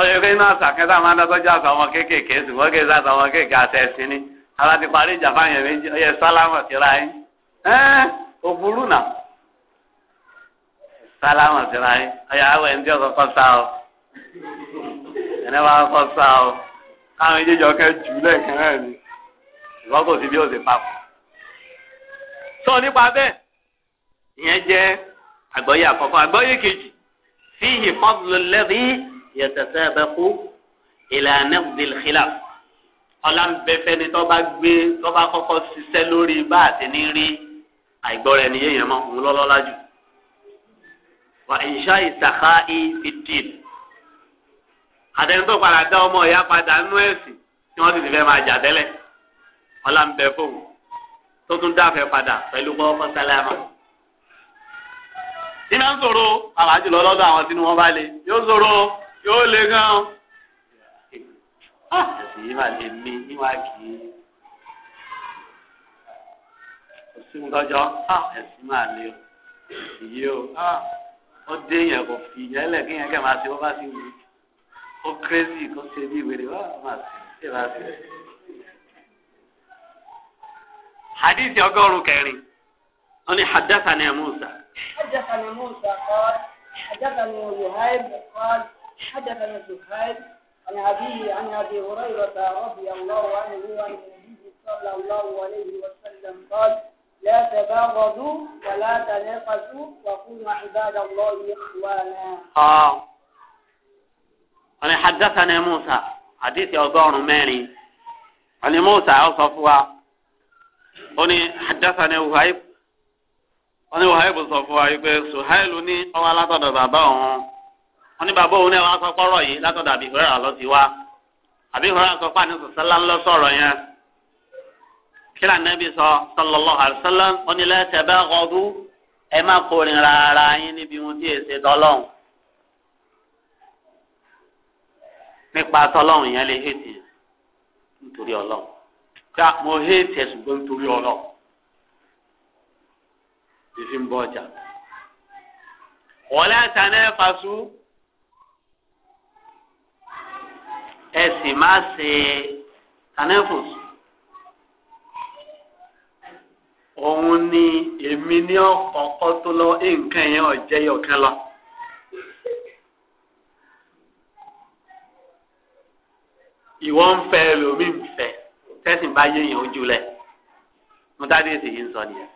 ọyọ kí náà sàkẹta máa ń dájọ jà sàwọn kéékèèké ṣùgbọ́n kí ẹsẹ sàwọn kéékèèké àtẹsí ni ara ti parí ìjà fáyẹn méjì ọyẹ sálámù síra yín ẹn òfurú nà sálámù yín ọyọ awọ ẹni tí ẹni káwọn sọ nípa bẹ́ẹ̀ ìyẹn jẹ́ àgbọ́yé àkọ́kọ́ àgbọ́yé kejì fíhì fadlu alladhi yatasabaku ila naqdil khilaf ọlá ń bẹ fẹ́ni tó bá gbé tó bá kọ́kọ́ ṣiṣẹ́ lórí bá àti ní rí àìgbọ́ra ẹni yéèyàn mọ́ òun lọ́lọ́lá jù wà ìṣá ìṣàkà ìfìdíl àtẹnudọ́ padà dá ọmọ ìyá padà nú ẹ̀sìn tí wọ́n sì ti fẹ́ máa jà tẹ́lẹ̀ ọlá ń bẹ fóun tó tún dáfẹ́ padà pẹ̀lú kọ́kọ́ sálámà. iná ń ṣòro àlàájì lọ́dọ̀ àwọn tí wọ́n bá lè yóò ṣòro yóò le gan-an. Ah! ẹ̀sìn yìí máa lè mí níwá kì í. òsín tọ́jọ́ ah! ẹ̀sìn máa lè o ìyé o ah! ó dé yẹn kò fi yẹn lẹ̀ kí yẹn kẹ́ máa ṣe bó bá ti wù ó kérésì kó ṣe bí ìwé rẹ̀ wá máa ṣe é máa ṣe é. حديث يقول كريم أني حدثنا موسى حدثنا موسى قال حدثني وهيب قال حدثنا سهيل عن أبيه عن أبي هريرة رضي الله عنه عن النبي صلى الله عليه وسلم قال لا تباغضوا ولا تناقشوا وكونوا عباد الله إخوانا. آه. أنا حدثنا موسى حديث يا أبو عن موسى أوصفها ó ní hadathana wahib ó ní wahib sọ fún wa pé suhail ní ọwọ́ alátọ̀dọ̀ bàbá òun ó ní bàbá òun náà wá sọ pọ́rọ̀ yìí látọ̀dọ̀ àbí ìhòòrà lọ ti wá àbí sọ pé àní ńlọ sọ̀rọ̀ yẹn kílà nẹ́bí sọ sallallahu alaihi wasallam ó ní la tabaghadu ẹ má kórìíra ara yín níbi ohun tí èsè tọ́lọ́hùn nípa tọ́lọ́hùn yẹn lè hìtì nítorí ọlọ́hùn tá mo hé tẹ̀sùn pé nítorí ọlọ́ fífi ń bọ́ ọjà. wọ́n láta náà fasú ẹ sì má ṣe tanáfòsù. òun ni èmi ní ọ̀kọ̀ọ̀kọ́ tó lọ nǹkan yẹn ọ̀jẹ́ yọ̀kan lọ. ìwọ ń fẹ́ lómi ń fẹ́ tẹ́sìn bá yéèyàn ojú lẹ̀ mútádé sì yìí ń sọ nìyẹn.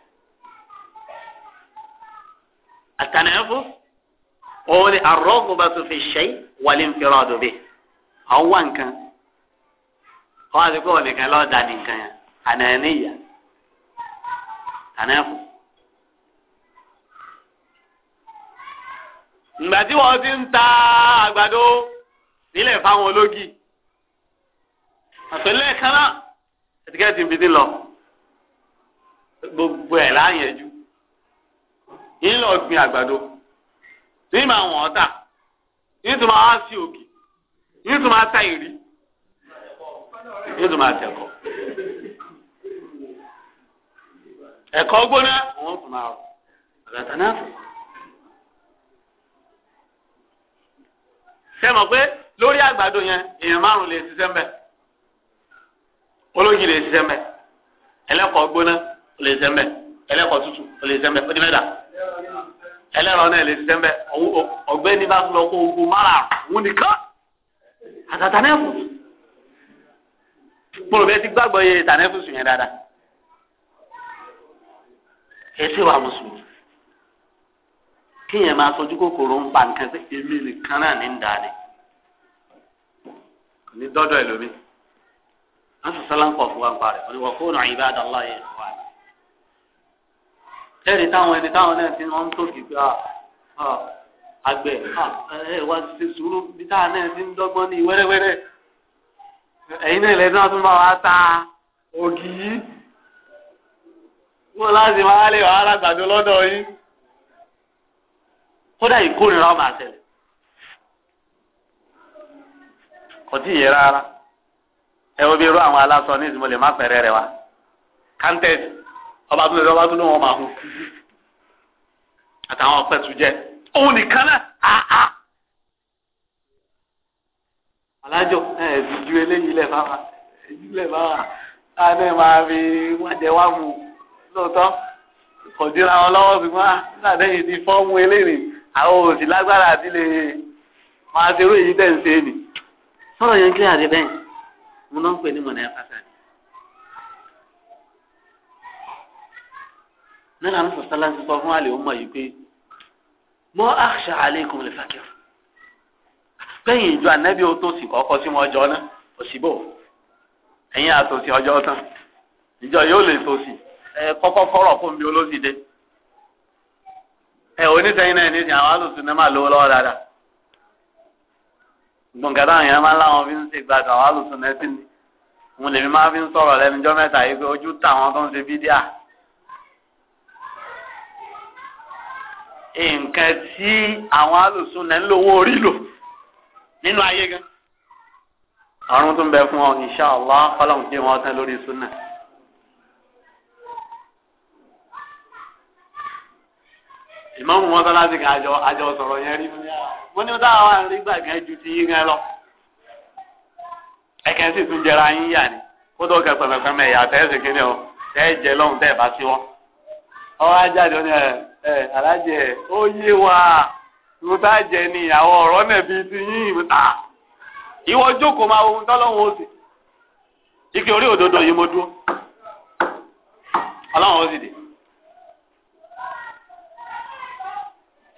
àtànàfọ́ òun ni àrọ́gùnbà tó fi ṣe wọlé ń fi àwọn wà nǹkan wọ́n á pé òun nìkan lọ́ọ́ da nìkan yẹn ànàníyà àtànàfọ́. ìgbà tí wọ́n ti ń ta àgbàdo nílẹ̀ fáwọn ológi àtẹ̀lẹ́ kan náà ẹtikẹ́tì ń bìtì lọ gbogbo ẹ̀ láàyànjú yìí lọ gbin àgbàdo yìí máa wọ̀n ọ́tà yìí tún máa sí òkè yìí tún máa ta ìrí yìí tún máa tẹ̀kọ́ ẹ̀kọ́ gbóná òun tún máa rọ̀ àgàtà náà fún. sẹ́mọ̀ pé lórí àgbàdo yẹn èèyàn márùn-ún lè ṣiṣẹ́ mbẹ́ olóyìn lè ṣiṣẹ́ mẹ́ ẹlẹ́kọ̀ọ́ gbóná lè ṣiṣẹ́ mẹ́ ẹlẹ́kọ̀ọ́ tútù lè ṣiṣẹ́ mẹ́ ó di mẹ́ta ẹlẹ́rọ náà lè ṣiṣẹ́ mẹ́ ọ̀gbẹ́ni bá lọ kó ogun mara òun nìkan àtàtà náà kù mo rò bẹ́ẹ̀ ti gbàgbọ́ yẹ tànẹ́fùsù yẹn dáadáa èsì wa mùsùlùmí kéèyàn máa sojú kòkòrò ń pa nǹkan pé èmi nìkan náà ní ń dá ní dọ́dọ̀ ẹlòmíì wọ́n sì sọ́lá ń kọ̀ fún wa ń parẹ́ wọ́n wọ fóònù àyíbáàdà aláyé ìwà ni. ẹ̀rì táwọn ẹni táwọn náà ti wọ́n ń tòkì pé ah, ah, àgbẹ̀ ah, ẹ̀ wá ti sùúrù bí táwọn náà ti ń dọ́gbọ́n ní wẹ́rẹ́wẹ́rẹ́ ẹ̀yin náà ilẹ̀ náà tún bá wa ta ògì yìí wọ́n láti máa lè wàhálà gbàdo lọ́dọ̀ yìí kódà ìkórìíra ọmọ àtẹlẹ kò tí ì yẹ rárá ẹ wo bí irú àwọn aláṣọ ní ìsìnkú lè má pẹ̀rẹ́ rẹ wa kanted ọba tó lè lọ́wọ́ tó lóun ọmọ àhún àtàwọn ọ̀pẹ tó jẹ òun nìkan náà àá alájọ ẹ ẹ fi ju eléyìí lẹ fáwa èyí lẹ fáwa á ní máa fi wájẹ wá mu lóòótọ́ kò dira wọn lọ́wọ́ ṣùgbọ́n nígbàdé ti fọ́ọ̀mù eléyìí àwọn òsì lágbára àti lè máa ṣerú èyí tẹ̀ ń ṣe nì. sọ̀rọ̀ yẹn kílẹ̀ àti wọn náà ń pè ní mọ̀nàfàkà ni. nínú àwọn sọ̀tàlá ti sọ fún àlè ọmọ yìí pé mọ́ àṣà àlékún lè fàkẹ́ lẹ́yìn ìjọ ànábì ó tó sì kọ́kọ́ sí wọn ọjọ́ náà òsìbò ẹ̀yìn àtòsí ọjọ́ tán ìjọ yóò lè tòsí ẹ kọ́kọ́ fọ́rọ̀ fún mi olóṣìdé ẹ onítẹ̀yìn náà ní ti àwọn alùsùn náà máa lówó lọ́wọ́ dáadáa gbọ̀ngàn táwọn èèyàn máa ń láwọn fi ń ṣe gbàgbà àwọn alùsùn mẹ́sìn ni mo lèmi máa fi ń sọ̀rọ̀ lẹ́nujọ́ mẹ́ta yìí pé ojú táwọn tó ń ṣe bídíà. nǹkan tí àwọn alùsùn náà ń lówó orí lò nínú ayé gan. ọ̀run tún bẹ fún ọ insha Allah fọlọ́hún tí wọ́n tán lórí sunna. ìmọ̀mù wọn tọ́lá sí ká àjọ sọ̀rọ̀ yẹn rí wọn táwọn rí ju ti yín gan lọ. sì tún jẹra yín yà ni kó tó kẹ pẹ̀mẹ̀pẹ̀mẹ̀ ìyá o tẹ́ jẹ lọ́hùn tẹ́ bá sí wọn. ọwọ́ ni ẹ ẹ alájẹ ó yé wa tá a jẹ ni ìyàwó ọ̀rọ̀ náà bíi ti yín ìwọ ìwọ jókòó máa ike orí òdodo yìí mo dúró ọlọ́run ó sì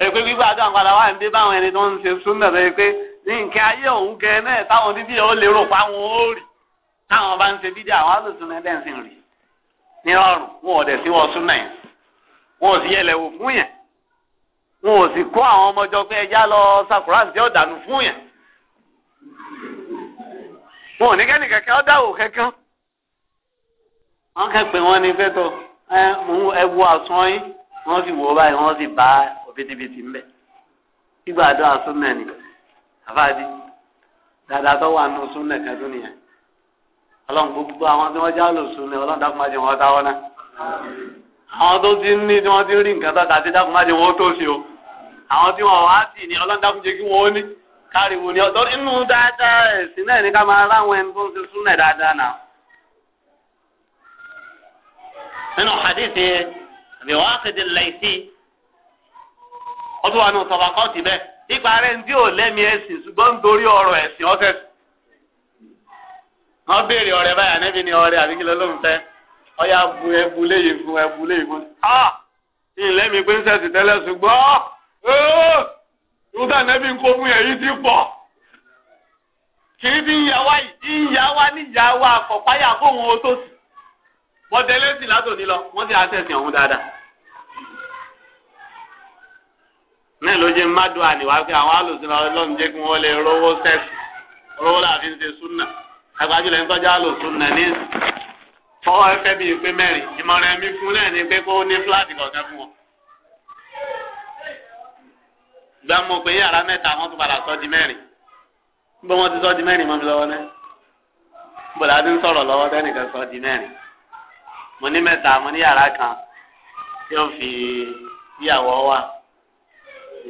ẹgbẹ́ gbígbà tó àpàdà wà ní báwọn ẹni tó ń ṣe súnà tó pé ní nǹkan ayé òun kẹ náà táwọn dídí ó lè rò pa àwọn táwọn bá ń ṣe dídí àwọn àlùsùn náà dẹ́n rì ní ọrùn wọn ò dẹ̀ sí wọ súnà yẹn wọn ò sì yẹlẹ̀ wò fún yẹn wọn ò sì kó àwọn ọmọ pé ẹja lọ sakura àti ọ̀dànù fún yẹn wọn ò ní kẹ́ni kẹ̀kẹ́ ọ́ dáwò kẹ́kẹ́ wọn kẹ́ bitibiti ńbẹ gbígbà do súnmẹ ni àfáàdì dáadáa tó wà nù súnmẹ kẹdùn nìyẹn Ọlọ́run gbogbo àwọn tí wọn já lò súnmẹ Ọlọ́run dákun má jẹ́ wọn dáwọ náà àwọn tó ti ní tí wọn ti rí nǹkan tó dàtí dákun wọn ó tó o àwọn tí wọn wá ni Ọlọ́run dákun jẹ́ kí wọn ó ní káriwo ni ọ̀tọ̀ inú dáadáa ẹ̀sìn náà ní ká máa ráwọn ẹni tó ń ṣe súnmẹ dáadáa náà. nínú àbí wàá kéde ọdún wa ní ọ̀tọ̀ba ti bẹ́ẹ̀ ipa rẹ̀ ń dí ò lẹ́mi ẹ̀sìn ṣùgbọ́n ń dorí ọ̀rọ̀ ẹ̀sìn ọ̀sẹ̀ wọ́n béèrè ọ̀rẹ́ báyà níbi ni ọ̀rẹ́ àbí kìlọ́ fẹ́ bu ẹbu léyìí fún ẹbu léyìí fún ah ìlẹ́mi pé ń sẹ̀sì tẹ́lẹ̀ ṣùgbọ́n ń kó pọ̀ náà ló jẹ́ mmadu àníwá pé àwọn alòsùn náà ọlọ́run jẹ́ kí wọ́n lè rówó sẹ́ẹ̀sì rówó láàfin ṣe súnà àgbájú lẹ́yìn tọ́jú alòsùn náà ní fọwọ́ ẹfẹ́ bíi pé mẹ́rin ìmọ̀ràn mi fún náà ni pé kó ní fúláàtì kọ̀ọ̀kan fún wọn. ìgbà mo pé yàrá mẹ́ta wọ́n tún padà sọ di mẹ́rin bí wọ́n ti sọ di mẹ́rin mọ́ mi lọ́wọ́ náà bọ̀dá ti ń sọ̀rọ̀ lọ́wọ́ tẹ́nìkan sọ di mẹ́rin mo ní mẹ́ta mo ní yàrá kan tí ó fi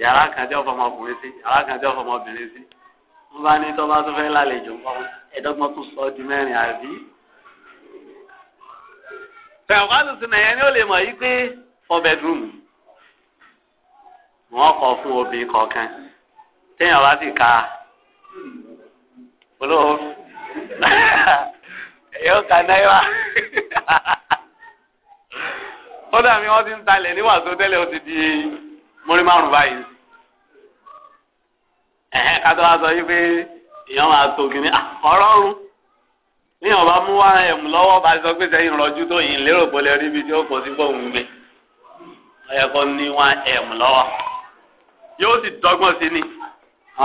yàrá kan tí ọkọ ọmọkùnrin sí yàrá kan tí ọkọ ọmọbìnrin sí wọn bá ní tọ́ba tó fẹ́ lálejò ń bọ́ tún sọ di mẹ́rin àbí. tẹ̀wọ́n tuntun nìyẹn ni ó lè mọ̀ yí pé four bedroom wọn kọ fún obìnrin kọ̀ọ̀kan téèyàn bá sì ka olówó yóò ka náírà ó dàbí wọn ti ń talẹ̀ níwàásù tẹ́lẹ̀ ó ti di mórí márùn báyìí ẹ̀hẹ́ kátó wá sọ wípé èèyàn máa tó kìíní ah, ọ̀rọ̀ ọ̀run ní ọba mú wá ẹ̀mú lọ́wọ́ bá sọ pé sẹ́yìn rọjú tó yìn lérò pé lè rí ibi tí ó kọ sí gbòòrùn gbé ẹ̀kọ́ ní wá ẹ̀mú lọ́wọ́ yóò sì dọ́gbọ́n sí ni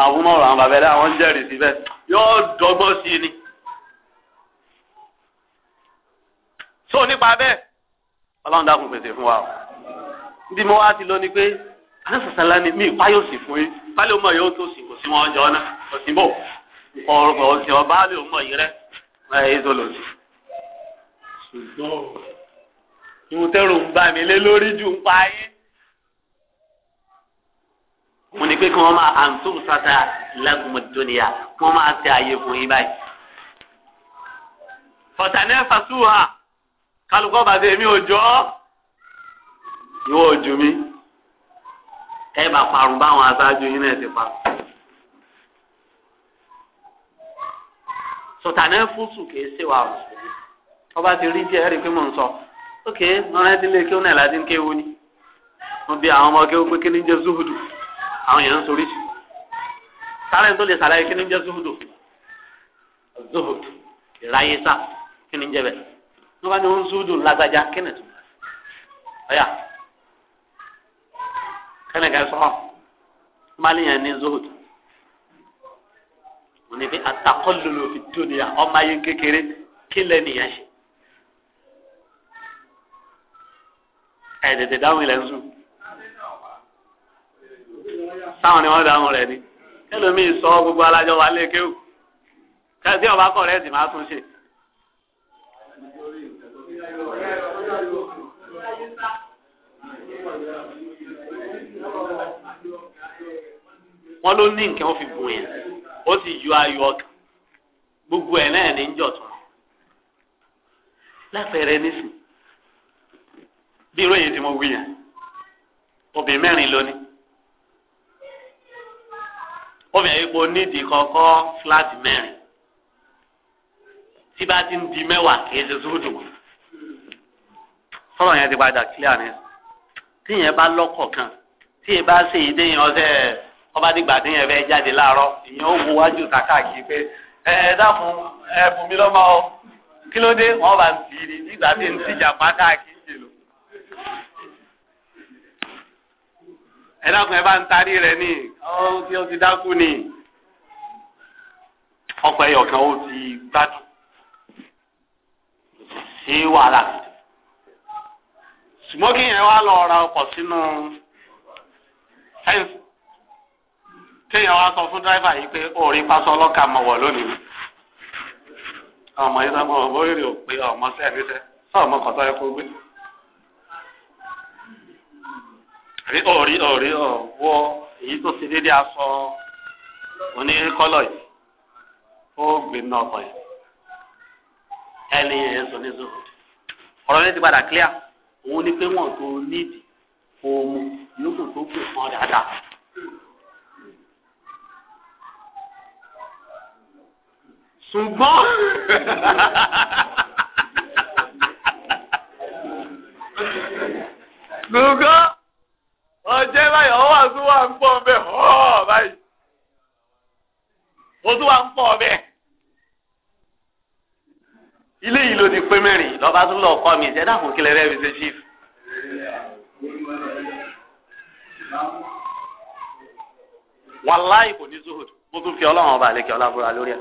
àwọn abúmọ̀ràn àwọn bàbá ẹ̀dá àwọn jẹ́rìí síbẹ̀ yóò dọ́gbọ́n sí ni. so nípa bẹ́ẹ̀ ọlọ́run dákun pèsè fún wa o bí mo wá ti lọ ni pé alásàsàlá ni mí ìpáyọ̀ sì fún yín báyọ̀ mọ̀ yóò tó sì kò sí wọn jọ náà kò sí bò ọ̀rọ̀ ọ̀sẹ̀ ọba àbí òun mọ̀ yìí rẹ̀ ẹ̀ ẹ́ tó lò sí. ṣùgbọ́n ìwọ tẹ́rù ń bá mi lé lórí ju ń pa yín. mo ní pé kí wọ́n máa àǹtó sata lágùnmọ̀dúnìyà kí wọ́n máa tẹ àyè fún yín báyìí. fọ̀tànẹ́ fasuha kálukọ́ bàtẹ́ mi ò jọ́ ìwọ ojú mi kẹ́yìn bá parun báwọn aṣáájú yín náà ti parun. sọ̀tàná fúsù kìí ṣe wà mùsùlùmí ọba ti rí díẹ̀ rí pé mò ń sọ ókè lọ́rẹ́ ti lé kí ó náà láti ń kéwu ni wọ́n bí àwọn ọmọ kéwu pé kí ni jẹ́ zuhudu àwọn èèyàn ń sorí sí sáré tó lè sàlàyé kí ni jẹ́ zuhudu zuhudu ìráyé sá kí ni jẹ́ bẹ́ẹ̀ wọ́n bá ní wọ́n zuhudu lágbájá kí ni tó kẹ́nìkan sọ́mọ́ mali yẹn ní zohud òní fi atakọ́lùlù fi dúnìyà ọmọ ayé kékeré kílẹ̀ nìyẹn ṣe ẹ̀ tètè dáhùn ilẹ̀ ń sùn táwọn ni wọ́n dáhùn rẹ̀ ni ẹlòmíì sọ gbogbo alájọ wa lé kéwù kẹ́sì ọba kọ̀ rẹ̀ sì máa tún ṣe. wọ́n ló ní nǹkan fi bùn yẹn ó sì yọ ayọ̀ ọkàn gbogbo ẹ̀ náà ní jọ̀tún láfẹ̀rẹ̀ nísìn bí ìròyìn tí mo wí yẹn obìnrin mẹ́rin lónìí obìnrin ipò nídìí kọ́kọ́ fúláàtì mẹ́rin tí bá ti ń di mẹ́wàá kì í ṣe sódò wọn yẹn ti padà clear ni tíyẹn bá lọ́kọ̀ kan tíyẹn bá ṣe ìdéyìn ọ̀sẹ̀ ẹ̀. ọba dìgbà tí yẹn fẹ́ jáde láàárọ̀ ìyẹn ó wo wájú pé ẹ ẹ dáàmú ẹ bùn mí lọ́mọ o kí ló dé wọn bá ń tì í ni nígbà tí ń tìjà pa káàkiri jè lò. ẹ dákun ẹ bá ń tarí rẹ ní ọ tí kéèyàn wá sọ fún dráìfà yìí pé orí pásọ ọlọ́kà mọ̀ wọ̀ lónìí mi ọmọ yìí sọ́mọ bóyìí ò pé ọmọ sí ẹ̀mí sẹ́ sọ́ọ̀mọ kọ̀tọ́ ẹ̀kọ́ gbé. rí orí orí ọ̀wọ́ èyí tó ṣe déédéé aṣọ oníkọ́lọ̀ yìí ó gbé ní ọkọ̀ yìí ẹni yẹn sọ ní zoro ọ̀rọ̀ yẹn ti padà clear òun ni pé wọ́n tó nídìí kó o mú yòókù tó gbé fún ọ dáadáa. ṣùgbọ́n ṣùgbọ́n ọjẹ́ báyìí ọwọ́ àtún wà ń pọ̀ bẹ́ẹ̀ họ́ báyìí ó tún wà ń pọ̀ bẹ́ẹ̀. ilé yìí ló ti pé mẹ́rin lọ́ba tún lọ kọ́ mi ìṣẹ́dá kò kílẹ̀ rẹ́ mi ṣe chief. wàláì kò ní zuhud mo tún fi ọlọ́run ọba àlekè ọlá búra lórí ẹ̀.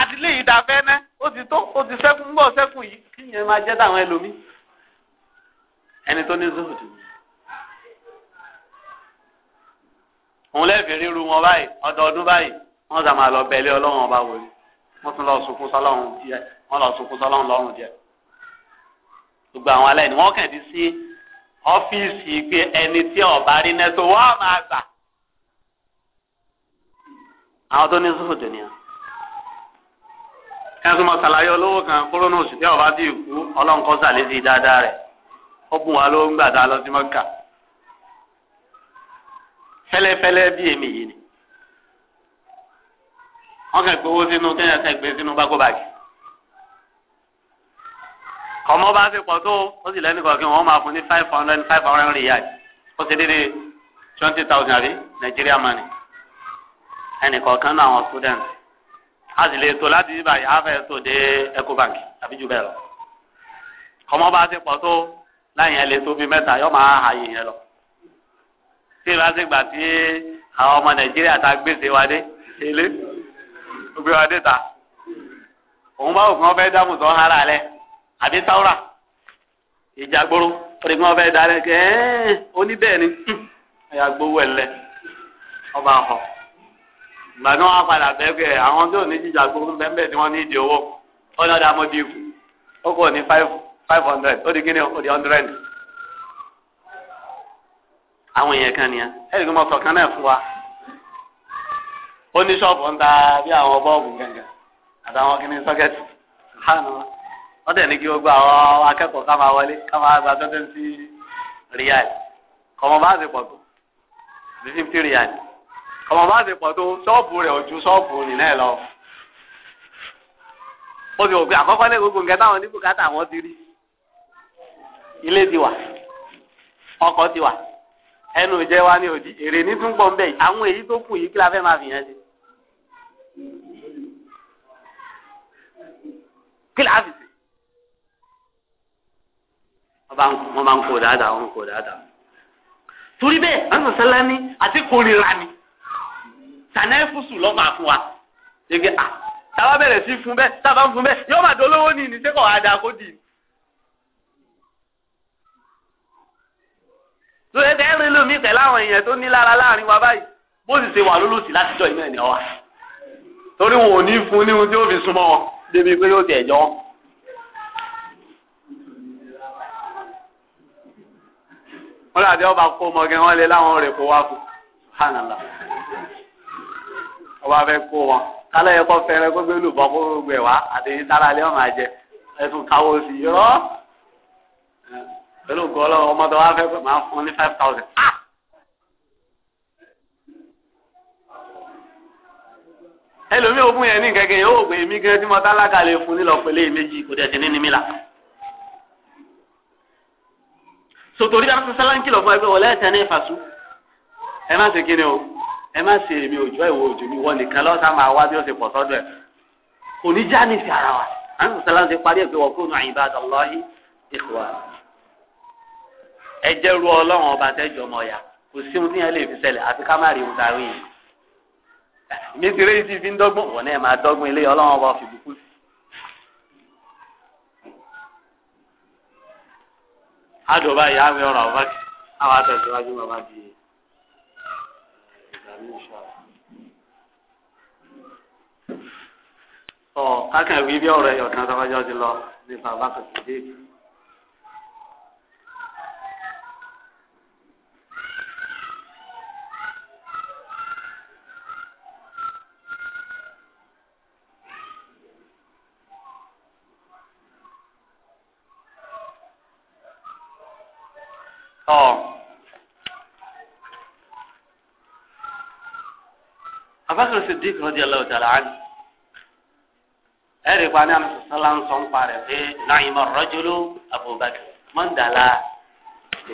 àti lè yìí dafẹ́ ná ó ti tó ó ti sẹ́kùn ńgbọ́ sẹ́kùn yìí kí yẹn máa jẹ́ táwọn ẹlòmí ẹni tó ní zuhudu. òun lẹ́ẹ̀fẹ̀ ríru wọn báyìí ọdọọdún báyìí wọ́n sà máa lọ bẹ̀lẹ́ ọlọ́run ọba wòlé wọ́n tún lọ sunkún sọlọ́run díẹ̀ wọ́n lọ sunkún sọlọ́run lọ́rùn díẹ̀. gbogbo àwọn aláìní wọ́n kàn ti sí ọ́fíìsì pé ẹni tí ọ̀bá rí nẹ́tò wọ́n máa gbà. àwọn tó ní zuhudu nìyẹn ẹ̀sùn máa ṣàlàyé olówó kan kórónà oṣù tí ọba ti kú ọlọ́run kọ́ sàlẹ̀ sí dáadáa rẹ̀ ó bùn wá lówó ńgbà tá a lọ sí mọ́kà fẹ́lẹ́fẹ́lẹ́ bí èmi yìí ni wọ́n kàn gbowó sínú kẹ́yìn kan gbé sínú bágóbágì kọ́mọ́ bá ti pọ̀ tó ó sì lẹ́nu kọ̀ọ̀kan wọ́n máa fún ní five hundred five hundred riyal ó ti dé twenty thousand àbí Nàìjíríà money ẹnì kọ̀ọ̀kan náà àwọn students a sì lè tó láti yíba yìí a fẹ́ tó dé Ecobank àbí jù bẹ́ẹ̀ lọ ọmọ bá ti pọ̀ tó láyìn ẹ̀ lè tó bí mẹ́ta yọ máa hà yìí lọ tí ìbá ti gbà tí àwọn ọmọ Nàìjíríà ta gbèsè wa dé ilé gbé wa dé ta òun bá òfin ọbẹ̀ dáhùn tó ń hara lẹ àbí táwùrà ìjàgbóró orí mi ọbẹ̀ dálẹ̀ kẹ́ ẹ́ oníbẹ̀ẹ́ ni ẹ̀yà gbowó ẹ̀ lẹ ọba ọ̀hún. ìgbà tí wọn padà bẹ́ẹ̀ àwọn tí ò ní jíjà gbogbo bẹ́ẹ̀ ni wọ́n ní ìdí owó ó ọ̀dà mọ́bí ikú ó kò ní five hundred ó di kí ó di hundred. àwọn èèyàn kan nìyẹn ẹ̀rí kan náà fún wa ó ní ṣọ́ọ̀bù ń ta bí àwọn bọ́ọ̀bù gàngàn àtàwọn kìíní sọ́kẹ́tì hàn wọ́n tẹ̀ ní kí àwọn akẹ́kọ̀ọ́ ká máa wọlé ká máa gba kọ̀mọ́ bá pọ̀ ọmọ bá ti pọ̀ tó ṣọ́ọ̀bù rẹ̀ ojú ṣọ́ọ̀bù nì náà lọ. ó ti wò àkọ́kọ́ ní gbogbo nǹkan táwọn oníbùkátà àwọn ti rí ilé ti wà ọkọ̀ ti wà ẹnu ìjẹ́ wa ní òdì èrè ní tún pọ̀ nbẹ̀ àwọn èyí tó kù yìí kí la fẹ́ máa fìyàn ṣe. kí la fi ṣe. wọ́n bá ń kó dáadáa wọ́n ń kó dáadáa. torí bẹ́ẹ̀ àwọn sọ́lá ní àti kórìíra ni tànẹ́fùsù lọ́ máa fún wa ṣèké à táwa bẹ̀rẹ̀ sí fún bẹ́ẹ̀ táwa ń fún bẹ́ẹ̀ yóò máa dolówó ní ìní sẹ́kọ̀ wá dáa kó dì í. lóye tẹ́ rí lómi pẹ̀lú àwọn èèyàn tó ní lára láàrin wa báyìí bó sì ṣe wà lólùsì látijọ́ ìmọ̀ ẹ̀ wà torí wọn ò ní fún ní ohun tí ó fi súnmọ́ wọn débi pé yóò tẹ̀ jọ́ wọn. wọ́n làbí ọba kó ọmọ gẹ́ lé láwọn rẹ̀ kó wá kú hànàlá ọba fẹ́ kó wọn kálẹ̀ yẹ fẹ́rẹ́ kó gbé lùbọ́ kó gbẹ wá àtẹ̀yìn tára lé ọ̀nà àjẹ ẹ̀sùn káwọ́ sí yọ. pẹ̀lú ògùn ọlọ́run ọmọ tó wá fẹ́ pẹ̀ máa fún ní five thousand. Ah! ẹlòmí ògùn yẹn ní kẹ̀kẹ́ yẹn gbé èmi gẹ́gẹ́ tí mo tálákà lè fún nílọ pẹ̀lú èméjì kò dẹ̀ ti ní ní mi là. dáná sọ́sálá ń kìlọ̀ fún ẹgbẹ́ wọlé ẹ̀ ẹ má ṣe èmi òjò ìwọ òjò mi wọ́n nìkan lọ́sà máa wá bí ó ṣe pọ̀ sọ́dọ̀ ẹ̀ kò ní já ní sí ara wa àwọn sọ̀tàlá ti parí ẹ̀ pé wọ́n kúrò àyìnbá àdàlọ́hìn ìkùwà ẹ jẹ́ ru ọlọ́run ọba tẹ́jọ́ ọmọ ya kò sí ohun tí yẹn lè fi ṣẹlẹ̀ àfi ká má rí ohun darí yìí mi ti rí ti fi ń dọ́gbọ́n wọ́n náà máa dọ́gbọ́n ilé ọlọ́run ọba fi bùkún sí. adùn báyìí á mi ọ̀rọ̀ àwọn bá àwọn àtẹ̀síwájú bàbá bíi ọ kákan wí bí ọ̀rọ̀ ẹyọ kan tó bá jọ ti lọ nípa bá kò sí dé. abakar siddiq radiyallahu ta'ala anhu ẹ̀rì pa ní amusasala ń sọ ń parẹ́ pé nàìmọ rọjòló abubakar mọ́ndàlá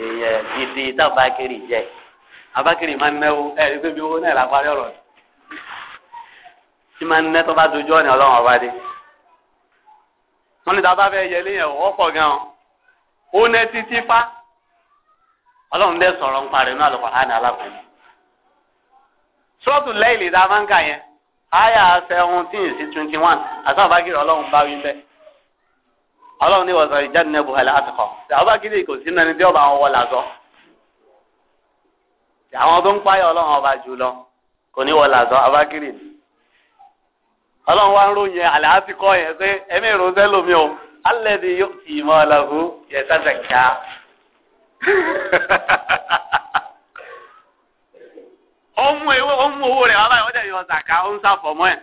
èèyàn gidi tábàkiri jẹ abakiri máa ń náwó ẹ̀rí pé bí owó náà la parí ọ̀rọ̀ tí máa ń ná tó bá dojú ọ̀nà ọlọ́run ọba dé wọ́n ní tábà fẹ́ yẹlé yẹn wọ́pọ̀ gan-an ó ná títí fá ọlọ́run dẹ́ sọ̀rọ̀ ń parẹ́ náà lọ́kọ̀ hánà alákùnrin. sọ́ọ̀tù lẹ́yìn ìdá máa yẹn àyà seventeen sí twenty one àtàwọ̀bákiri ọlọ́run bá wí bẹ́ẹ̀ ọlọ́run ní wọ̀sán ìjáde náà buhari àtọkọ àtàwọ̀bákiri kò sí mẹ́rin tí ọba àwọn wọlé àgọ́ àwọn tó ọba jù lọ kò ní wọlé ọlọ́run wá ń ròyìn yẹn pé ẹ̀mí lómi o alẹ́ ni yóò ó mú ewé ó mú owó rẹ̀ wá báyìí ó dẹ̀ yọ zàkà ó ń sàfọ̀mọ́ ẹ̀.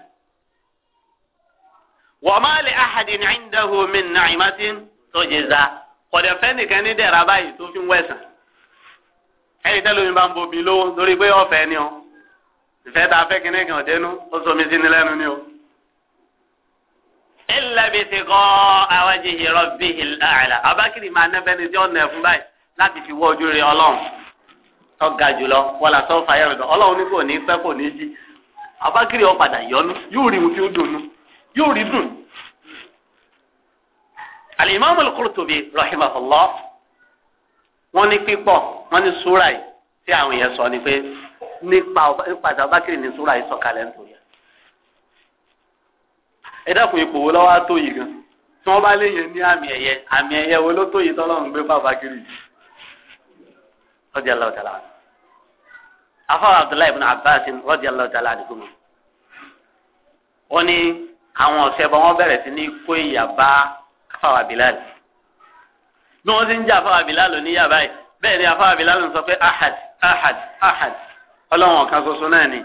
wa ma li ahadin indahu min ni'matin tujza kọ̀dẹ̀ fẹ́ nìkan ní dẹ̀ra báyìí tó fi ń wẹ̀sán. ẹ̀yìn tẹ́lẹ̀ omi bá ń bobi lówó torí pé ọ̀fẹ́ ni ọ ìfẹ́ tá a fẹ́ kíní kan dénú ó sọ mi sí ni lẹ́nu ni o. illa bitiqa'a wajhi rabbihil a'la abákìrì máa nẹ́fẹ́ ni tí ó nẹ̀ fún báyìí láti fi wọ́ ojú ọlọ́run. tọ́ga jùlọ wọlé sọ́fà yẹn rẹ̀ ọlọ́run ní kò ní pẹ́ kò ní jí abákiri ọ̀padà yọnu yóò rí ohun tí ó dùnú yóò rí dùn. alimami al-Qurtubi rahimahullah wọn ní pípọ̀ wọn ní súra yìí tí àwọn èèyàn sọ ni pé nípa nípasẹ̀ abákiri ní súra yìí sọ̀kalẹ̀ ń tòyà. ẹ dákun ipò wo lọ́wọ́ á tó yìí gan tí wọ́n bá léyìn ní àmì ẹ̀yẹ àmì ẹ̀yẹ wo ló tó yìí tọ́lọ́run gbé bá abákiri yìí. rọ́dí aláwọ̀ tàlá afọ́ abdullahi ibn abbas rọ́dí aláwọ̀ tàlá nìkúmù ó ní àwọn ọ̀sẹ̀ bọ́ wọ́n bẹ̀rẹ̀ sí ní bilal bí wọ́n ti bilal báyìí ni afáwà bilal sọ pé ahad ahad ahad ọlọ́run ọ̀kan náà ni